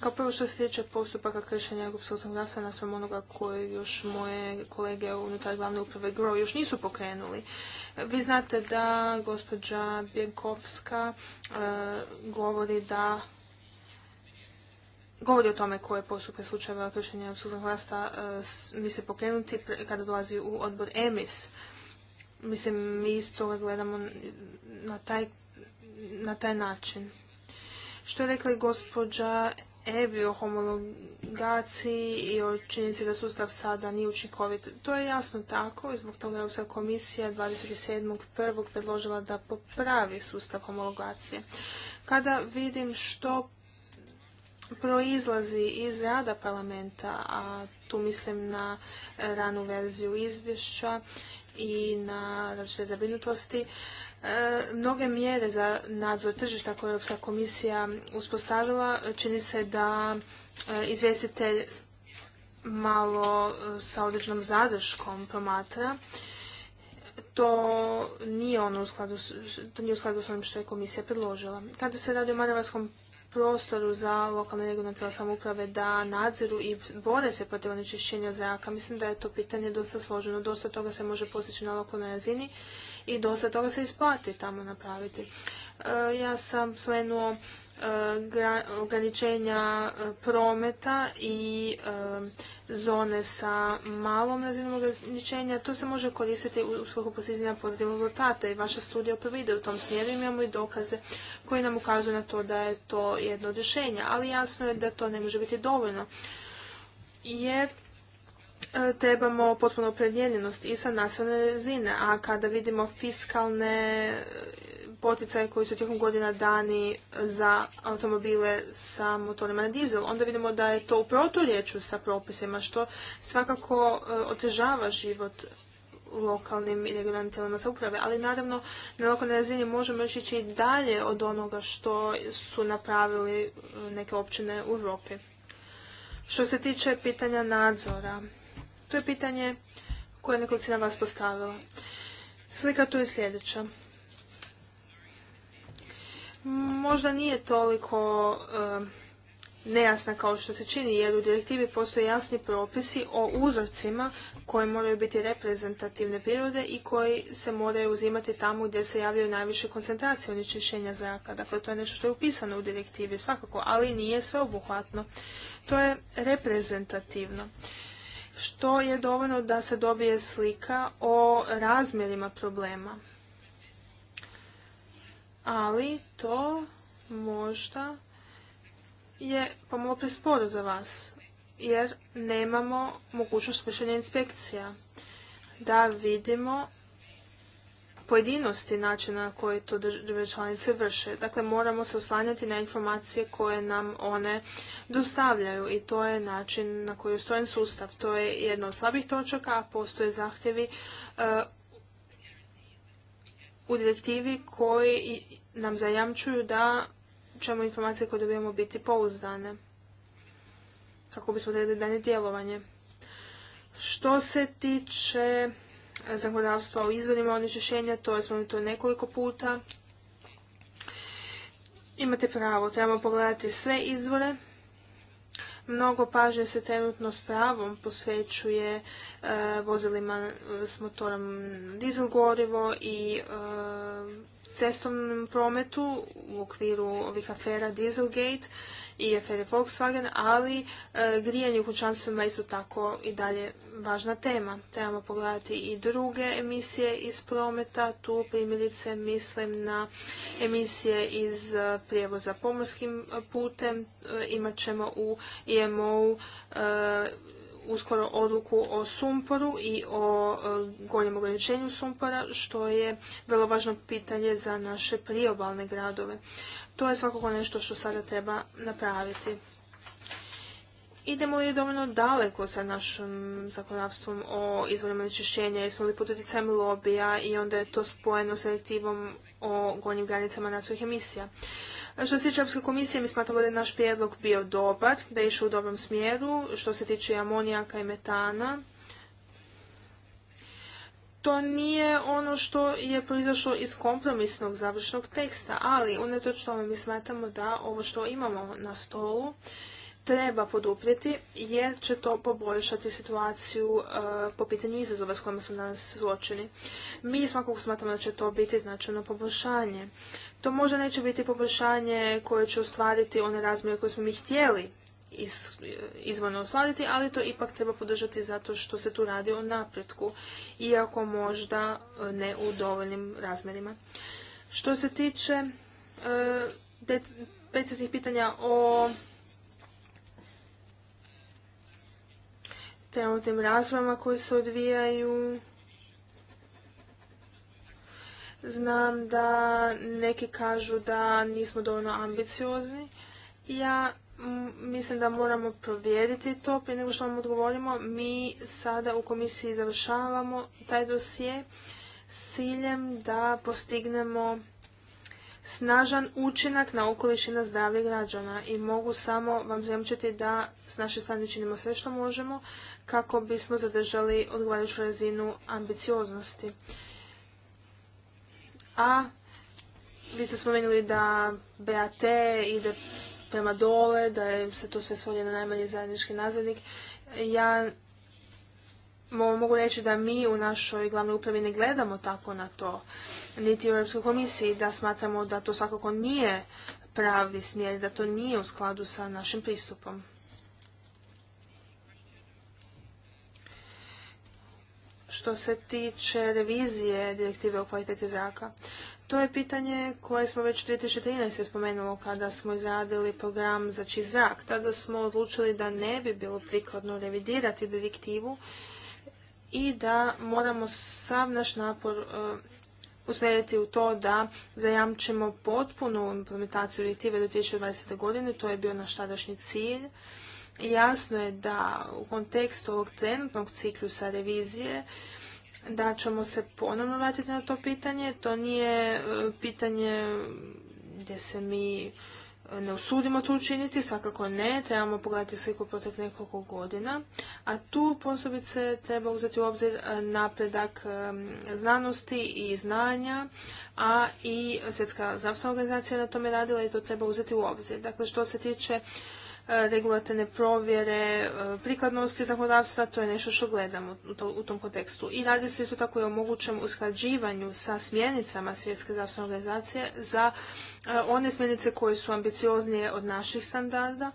[SPEAKER 3] Kao prvo što se tiče postupaka kršenja europskog zakonodavstva na svom onoga koje još moje kolege unutar glavne uprave GRO još nisu pokrenuli. Vi znate da gospođa Bjenkovska e, govori da govori o tome koje postupke slučajeva kršenja europskog mi se pokrenuti kada dolazi u odbor EMIS. Mislim, mi iz toga gledamo na taj, način. Što je rekla i gospođa Evi o homologaciji i o činjenici da sustav sada nije učinkovit. To je jasno tako i zbog toga Europska komisija 27.1. predložila da popravi sustav homologacije. Kada vidim što proizlazi iz rada parlamenta, a tu mislim na ranu verziju izvješća i na različite zabrinutosti, e, mnoge mjere za nadzor tržišta koje je Europska komisija uspostavila čini se da e, izvjestitelj malo e, sa određenom zadrškom promatra. To nije ono u skladu, u skladu s onim što je komisija predložila. Kada se radi o manevarskom prostoru za lokalne i regionalne samouprave da nadziru i bore se protiv onečišćenja zraka. Mislim da je to pitanje dosta složeno. Dosta toga se može postići na lokalnoj razini i dosta toga se isplati tamo napraviti. E, ja sam spomenuo ograničenja e, prometa i e, zone sa malom razinom ograničenja, to se može koristiti u svrhu postizanja pozitivnog rezultata i vaša studija upravo u tom smjeru. Imamo i dokaze koji nam ukazuju na to da je to jedno od ali jasno je da to ne može biti dovoljno. Jer e, trebamo potpuno opredjeljenost i sa nacionalne razine, a kada vidimo fiskalne poticaje koji su tijekom godina dani za automobile sa motorima na dizel. Onda vidimo da je to u proturječju sa propisima, što svakako e, otežava život lokalnim i regionalnim tijelima uprave, ali naravno na lokalnoj razini možemo još ići i dalje od onoga što su napravili e, neke općine u Europi. Što se tiče pitanja nadzora, to je pitanje koje je nekolicina vas postavila. Slika tu je sljedeća možda nije toliko nejasna kao što se čini, jer u direktivi postoje jasni propisi o uzorcima koje moraju biti reprezentativne prirode i koji se moraju uzimati tamo gdje se javljaju najviše koncentracije onečišćenja zraka. Dakle, to je nešto što je upisano u direktivi svakako, ali nije sveobuhvatno. To je reprezentativno što je dovoljno da se dobije slika o razmjerima problema ali to možda je pomalo presporo za vas, jer nemamo mogućnost vršenja inspekcija da vidimo pojedinosti načina na koji to države članice vrše. Dakle, moramo se oslanjati na informacije koje nam one dostavljaju i to je način na koji je ustrojen sustav. To je jedna od slabih točaka, a postoje zahtjevi e, u direktivi koji nam zajamčuju da ćemo informacije koje dobijemo biti pouzdane kako bismo odredili danje djelovanje. Što se tiče zakonodavstva o izvorima onečišćenja, to mi to nekoliko puta. Imate pravo, trebamo pogledati sve izvore Mnogo pažnje se trenutno s pravom posvećuje e, vozilima e, s motorom dizel gorivo i e, cestovnom prometu u okviru ovih afera Dieselgate i afere Volkswagen, ali e, grijanje u kućanstvima isto tako i dalje važna tema. Trebamo pogledati i druge emisije iz prometa, tu primjerice mislim na emisije iz e, prijevoza pomorskim e, putem, imat ćemo u IMO-u uskoro odluku o sumporu i o gorjem ograničenju sumpora, što je vrlo važno pitanje za naše priobalne gradove. To je svakako nešto što sada treba napraviti. Idemo li dovoljno daleko sa našim zakonavstvom o izvorima onečišćenja, jesmo li pod utjecajem lobija i onda je to spojeno sa direktivom o gornjim granicama nacionalnih emisija. Što se tiče Europske komisije, mi smatramo da je naš prijedlog bio dobar, da je išao u dobrom smjeru. Što se tiče amonijaka i metana, to nije ono što je proizašlo iz kompromisnog završnog teksta, ali unatoč tome mi smatramo da ovo što imamo na stolu treba poduprijeti jer će to poboljšati situaciju e, po pitanju izazova s kojima smo danas suočeni. Mi svakako smatramo da će to biti značajno poboljšanje. To možda neće biti poboljšanje koje će ostvariti one razmjere koje smo mi htjeli izvorno osladiti, ali to ipak treba podržati zato što se tu radi o napretku, iako možda e, ne u dovoljnim razmerima. Što se tiče e, preciznih pitanja o trenutnim razvojama koji se odvijaju, znam da neki kažu da nismo dovoljno ambiciozni. Ja mislim da moramo provjeriti to prije nego što vam odgovorimo. Mi sada u komisiji završavamo taj dosije s ciljem da postignemo snažan učinak na okoliš i na zdravlje građana i mogu samo vam zemčiti da s naše strane činimo sve što možemo kako bismo zadržali odgovarajuću razinu ambicioznosti. A vi ste spomenuli da BAT ide prema dole, da se to sve svodi na najmanji zajednički nazadnik. Ja mogu reći da mi u našoj glavnoj upravi ne gledamo tako na to, niti u Europskoj komisiji, da smatramo da to svakako nije pravi smjer, da to nije u skladu sa našim pristupom. Što se tiče revizije direktive o kvaliteti zraka, to je pitanje koje smo već 2013. spomenuli kada smo izradili program za čist Tada smo odlučili da ne bi bilo prikladno revidirati direktivu i da moramo sav naš napor e, usmjeriti u to da zajamčimo potpunu implementaciju direktive do 2020. godine. To je bio naš tadašnji cilj. Jasno je da u kontekstu ovog trenutnog ciklusa revizije da ćemo se ponovno vratiti na to pitanje. To nije e, pitanje gdje se mi ne usudimo to učiniti, svakako ne, trebamo pogledati sliku protek nekoliko godina, a tu posebice treba uzeti u obzir e, napredak e, znanosti i znanja, a i Svjetska zdravstvena organizacija na tome radila i to treba uzeti u obzir. Dakle, što se tiče E, regulatorne provjere e, prikladnosti zakonodavstva, to je nešto što gledamo u tom kontekstu. I radi se isto tako i o mogućem usklađivanju sa smjernicama Svjetske zdravstvene organizacije za e, one smjernice koje su ambicioznije od naših standarda.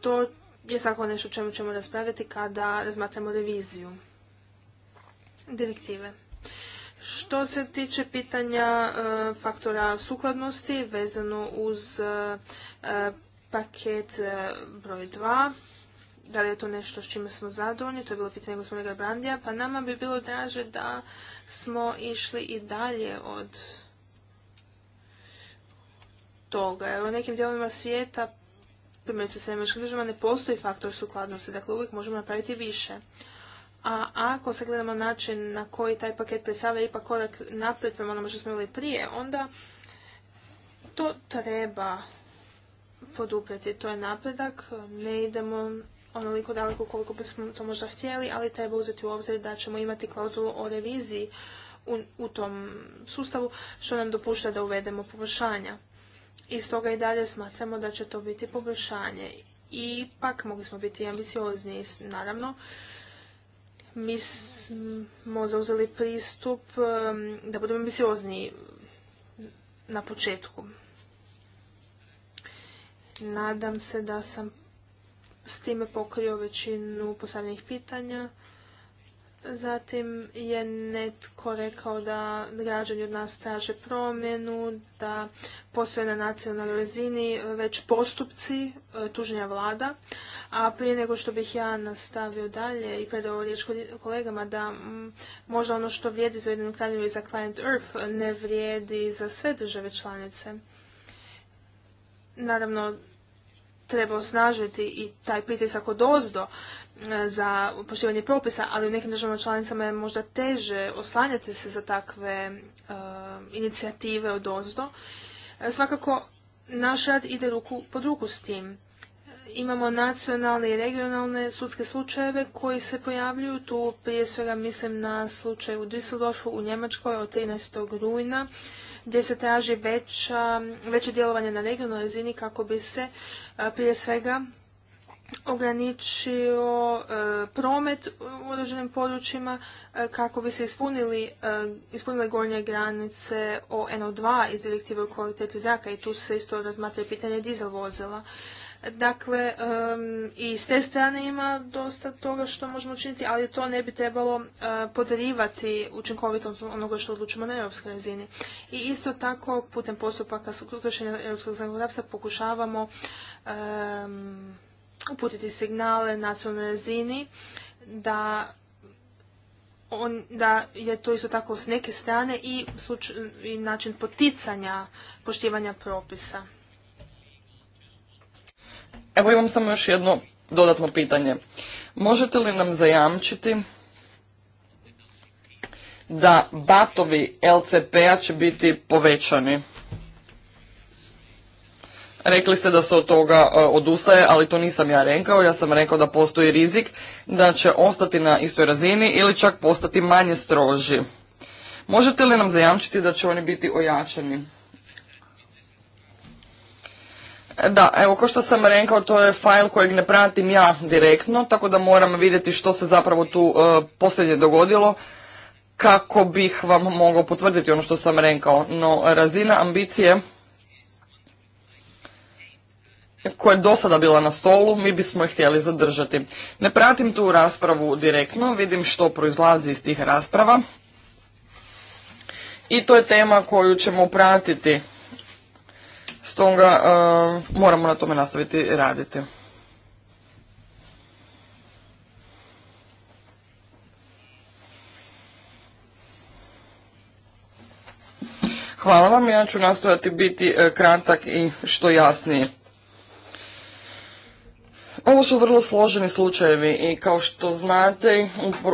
[SPEAKER 3] To je svako nešto o čemu ćemo raspraviti kada razmatramo reviziju direktive. Što se tiče pitanja faktora sukladnosti vezano uz paket e, broj 2, da li je to nešto s čime smo zadovoljni, to je bilo pitanje gospodina Brandija. pa nama bi bilo draže da smo išli i dalje od toga. Jer u nekim dijelovima svijeta, primjerice se nemačkim državama, ne postoji faktor sukladnosti, dakle uvijek možemo napraviti više. A ako se na način na koji taj paket predstavlja ipak korak naprijed prema onome što smo imali prije, onda to treba poduprijeti. To je napredak, ne idemo onoliko daleko koliko bismo to možda htjeli, ali treba uzeti u obzir da ćemo imati klauzulu o reviziji u, u tom sustavu, što nam dopušta da uvedemo poboljšanja. I stoga i dalje smatramo da će to biti poboljšanje. Ipak mogli smo biti ambiciozni, naravno. Mi smo zauzeli pristup da budemo ambiciozniji na početku Nadam se da sam s time pokrio većinu postavljenih pitanja. Zatim je netko rekao da građani od nas traže promjenu, da postoje na nacionalnoj razini već postupci e, tužnja vlada. A prije nego što bih ja nastavio dalje i predao riječ kolegama da možda ono što vrijedi za Ujedinu i za Client Earth ne vrijedi za sve države članice. Naravno, treba osnažiti i taj pritisak od ozdo e, za poštivanje propisa, ali u nekim državama članicama je možda teže oslanjati se za takve e, inicijative od ozdo. E, svakako, naš rad ide ruku pod ruku s tim. Imamo nacionalne i regionalne sudske slučajeve koji se pojavljuju. Tu prije svega mislim na slučaj u Düsseldorfu u Njemačkoj od 13. rujna gdje se traži veće djelovanje na regionalnoj razini kako bi se prije svega ograničio e, promet u određenim područjima e, kako bi se ispunili, e, ispunile gornje granice o NO2 iz direktive o kvaliteti zraka i tu se isto razmatra pitanje dizel vozila. Dakle, i s te strane ima dosta toga što možemo učiniti, ali to ne bi trebalo uh, podarivati učinkovitost onoga što odlučimo na europskoj razini. I isto tako, putem postupaka kršenja europskog zakonodavstva pokušavamo uputiti signale nacionalnoj razini da da je to isto tako s neke strane i, i način poticanja poštivanja propisa.
[SPEAKER 2] Evo imam samo još jedno dodatno pitanje. Možete li nam zajamčiti da batovi LCP-a će biti povećani? Rekli ste da se od toga e, odustaje, ali to nisam ja rekao. Ja sam rekao da postoji rizik da će ostati na istoj razini ili čak postati manje stroži. Možete li nam zajamčiti da će oni biti ojačani? Da, evo kao što sam rekao, to je fajl kojeg ne pratim ja direktno, tako da moram vidjeti što se zapravo tu e, posljednje dogodilo kako bih vam mogao potvrditi ono što sam rekao. No, razina ambicije koja je do sada bila na stolu, mi bismo je htjeli zadržati. Ne pratim tu raspravu direktno, vidim što proizlazi iz tih rasprava. I to je tema koju ćemo pratiti Stoga e, moramo na tome nastaviti raditi. Hvala vam, ja ću nastojati biti e, kratak i što jasniji. Ovo su vrlo složeni slučajevi i kao što znate,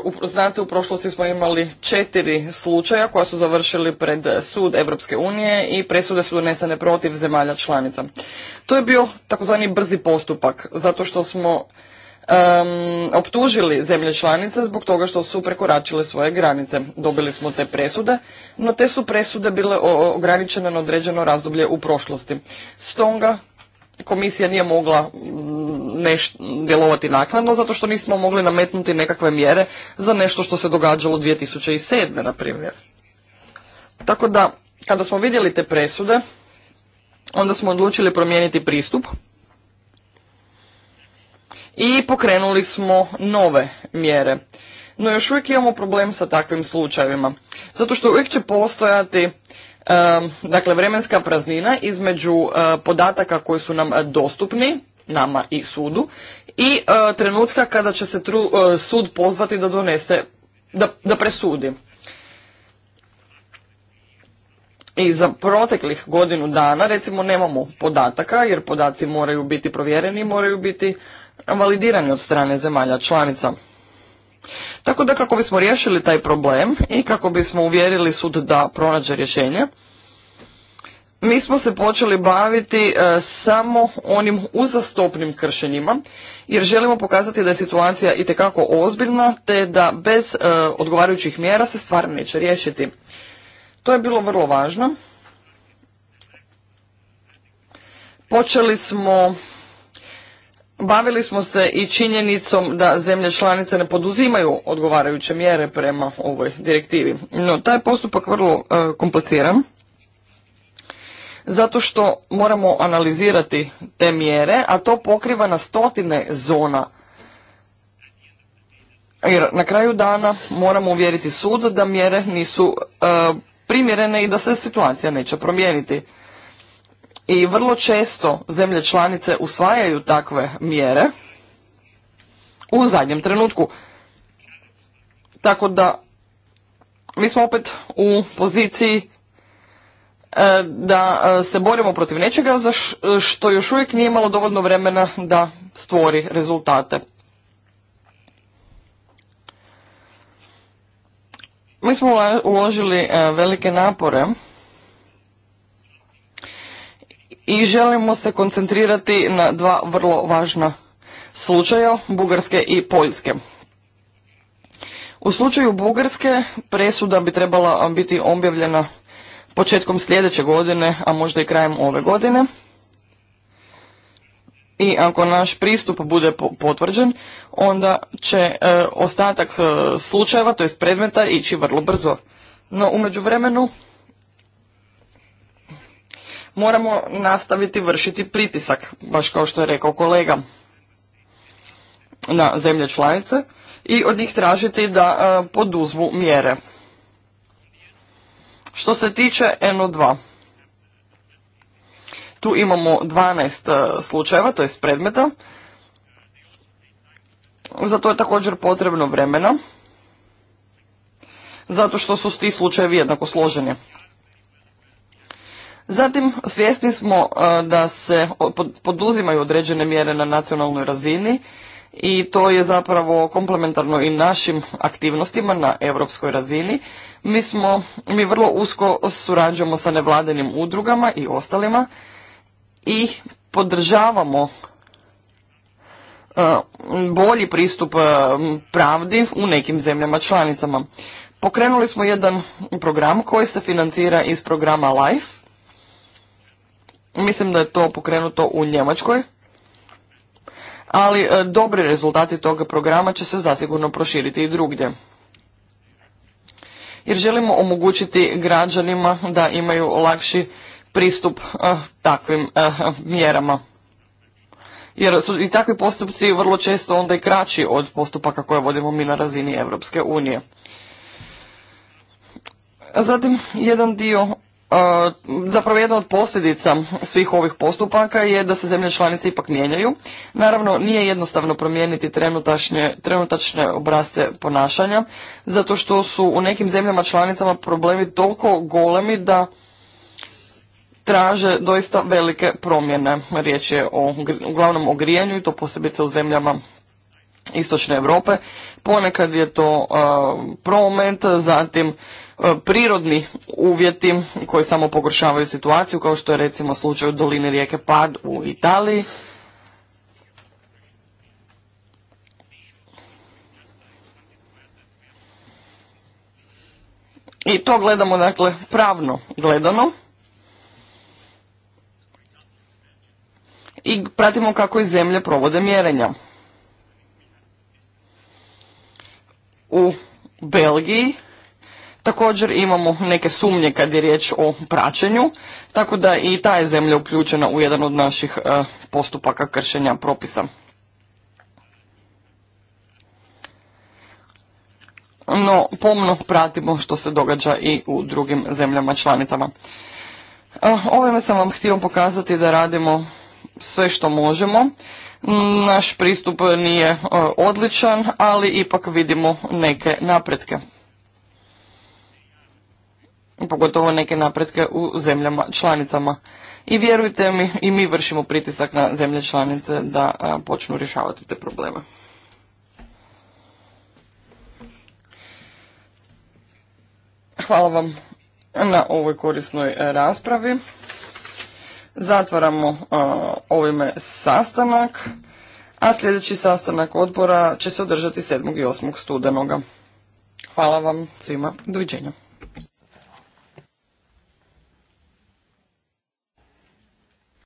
[SPEAKER 2] u, znate u prošlosti smo imali četiri slučaja koja su završili pred sud Europske unije i presude su donesene protiv zemalja članica. To je bio takozvani brzi postupak zato što smo optužili zemlje članice zbog toga što su prekoračile svoje granice. Dobili smo te presude, no te su presude bile ograničene na određeno razdoblje u prošlosti. Stonga komisija nije mogla mm, djelovati naknadno zato što nismo mogli nametnuti nekakve mjere za nešto što se događalo 2007. na primjer. Tako da, kada smo vidjeli te presude, onda smo odlučili promijeniti pristup i pokrenuli smo nove mjere. No još uvijek imamo problem sa takvim slučajevima. Zato što uvijek će postojati Dakle, vremenska praznina između eh, podataka koji su nam dostupni, nama i sudu, i eh, trenutka kada će se eh, sud pozvati da donese, da, presudi. I za proteklih godinu dana recimo nemamo podataka jer podaci moraju biti provjereni, i moraju biti validirani od strane zemalja članica. Tako da kako bismo riješili taj problem i kako bismo uvjerili sud da pronađe rješenje, mi smo se počeli baviti e, samo onim uzastopnim kršenjima jer želimo pokazati da je situacija itekako ozbiljna te da bez e, odgovarajućih mjera se stvar neće riješiti. To je bilo vrlo važno. Počeli smo Bavili smo se i činjenicom da zemlje članice ne poduzimaju odgovarajuće mjere prema ovoj direktivi. No, taj postupak vrlo e, kompliciran zato što moramo analizirati te mjere, a to pokriva na stotine zona. Jer na kraju dana moramo uvjeriti sud da mjere nisu e, primjerene i da se situacija neće promijeniti. I vrlo često zemlje članice usvajaju takve mjere u zadnjem trenutku. Tako da mi smo opet u poziciji e, da e, se borimo protiv nečega za što još uvijek nije imalo dovoljno vremena da stvori rezultate. Mi smo uložili e, velike napore i želimo se koncentrirati na dva vrlo važna slučaja, Bugarske i Poljske. U slučaju Bugarske presuda bi trebala biti objavljena početkom sljedeće godine, a možda i krajem ove godine. I ako naš pristup bude potvrđen, onda će e, ostatak e, slučajeva, to jest predmeta, ići vrlo brzo. No, u međuvremenu moramo nastaviti vršiti pritisak, baš kao što je rekao kolega, na zemlje članice i od njih tražiti da e, poduzmu mjere. Što se tiče NO2, tu imamo 12 e, slučajeva, to je predmeta. Za to je također potrebno vremena, zato što su ti slučajevi jednako složeni. Zatim, svjesni smo e, da se poduzimaju određene mjere na nacionalnoj razini i to je zapravo komplementarno i našim aktivnostima na europskoj razini. Mi, smo, mi vrlo usko surađujemo sa nevladenim udrugama i ostalima i podržavamo e, bolji pristup e, pravdi u nekim zemljama članicama. Pokrenuli smo jedan program koji se financira iz programa LIFE Mislim da je to pokrenuto u Njemačkoj, ali e, dobri rezultati toga programa će se zasigurno proširiti i drugdje. Jer želimo omogućiti građanima da imaju lakši pristup e, takvim e, mjerama. Jer su i takvi postupci vrlo često onda i kraći od postupaka koje vodimo mi na razini Europske unije. Zatim, jedan dio E, zapravo jedna od posljedica svih ovih postupaka je da se zemlje članice ipak mijenjaju. Naravno, nije jednostavno promijeniti trenutačne, trenutačne obrazce ponašanja, zato što su u nekim zemljama članicama problemi toliko golemi da traže doista velike promjene. Riječ je uglavnom o grijanju i to posebice u zemljama istočne Europe ponekad je to e, promet, zatim e, prirodni uvjeti koji samo pogoršavaju situaciju, kao što je recimo slučaj u dolini rijeke Pad u Italiji. I to gledamo, dakle, pravno gledano. I pratimo kako i zemlje provode mjerenja. u Belgiji. Također imamo neke sumnje kad je riječ o praćenju, tako da i ta je zemlja uključena u jedan od naših e, postupaka kršenja propisa. No, pomno pratimo što se događa i u drugim zemljama članicama. E, ovime sam vam htio pokazati da radimo sve što možemo Mm, naš pristup nije e, odličan, ali ipak vidimo neke napretke. Pogotovo neke napretke u zemljama članicama. I vjerujte mi, i mi vršimo pritisak na zemlje članice da e, počnu rješavati te probleme. Hvala vam na ovoj korisnoj e, raspravi. Zatvaramo e, ovime sastanak, a sljedeći sastanak odbora će se održati 7. i 8. studenoga. Hvala vam svima. Doviđenja.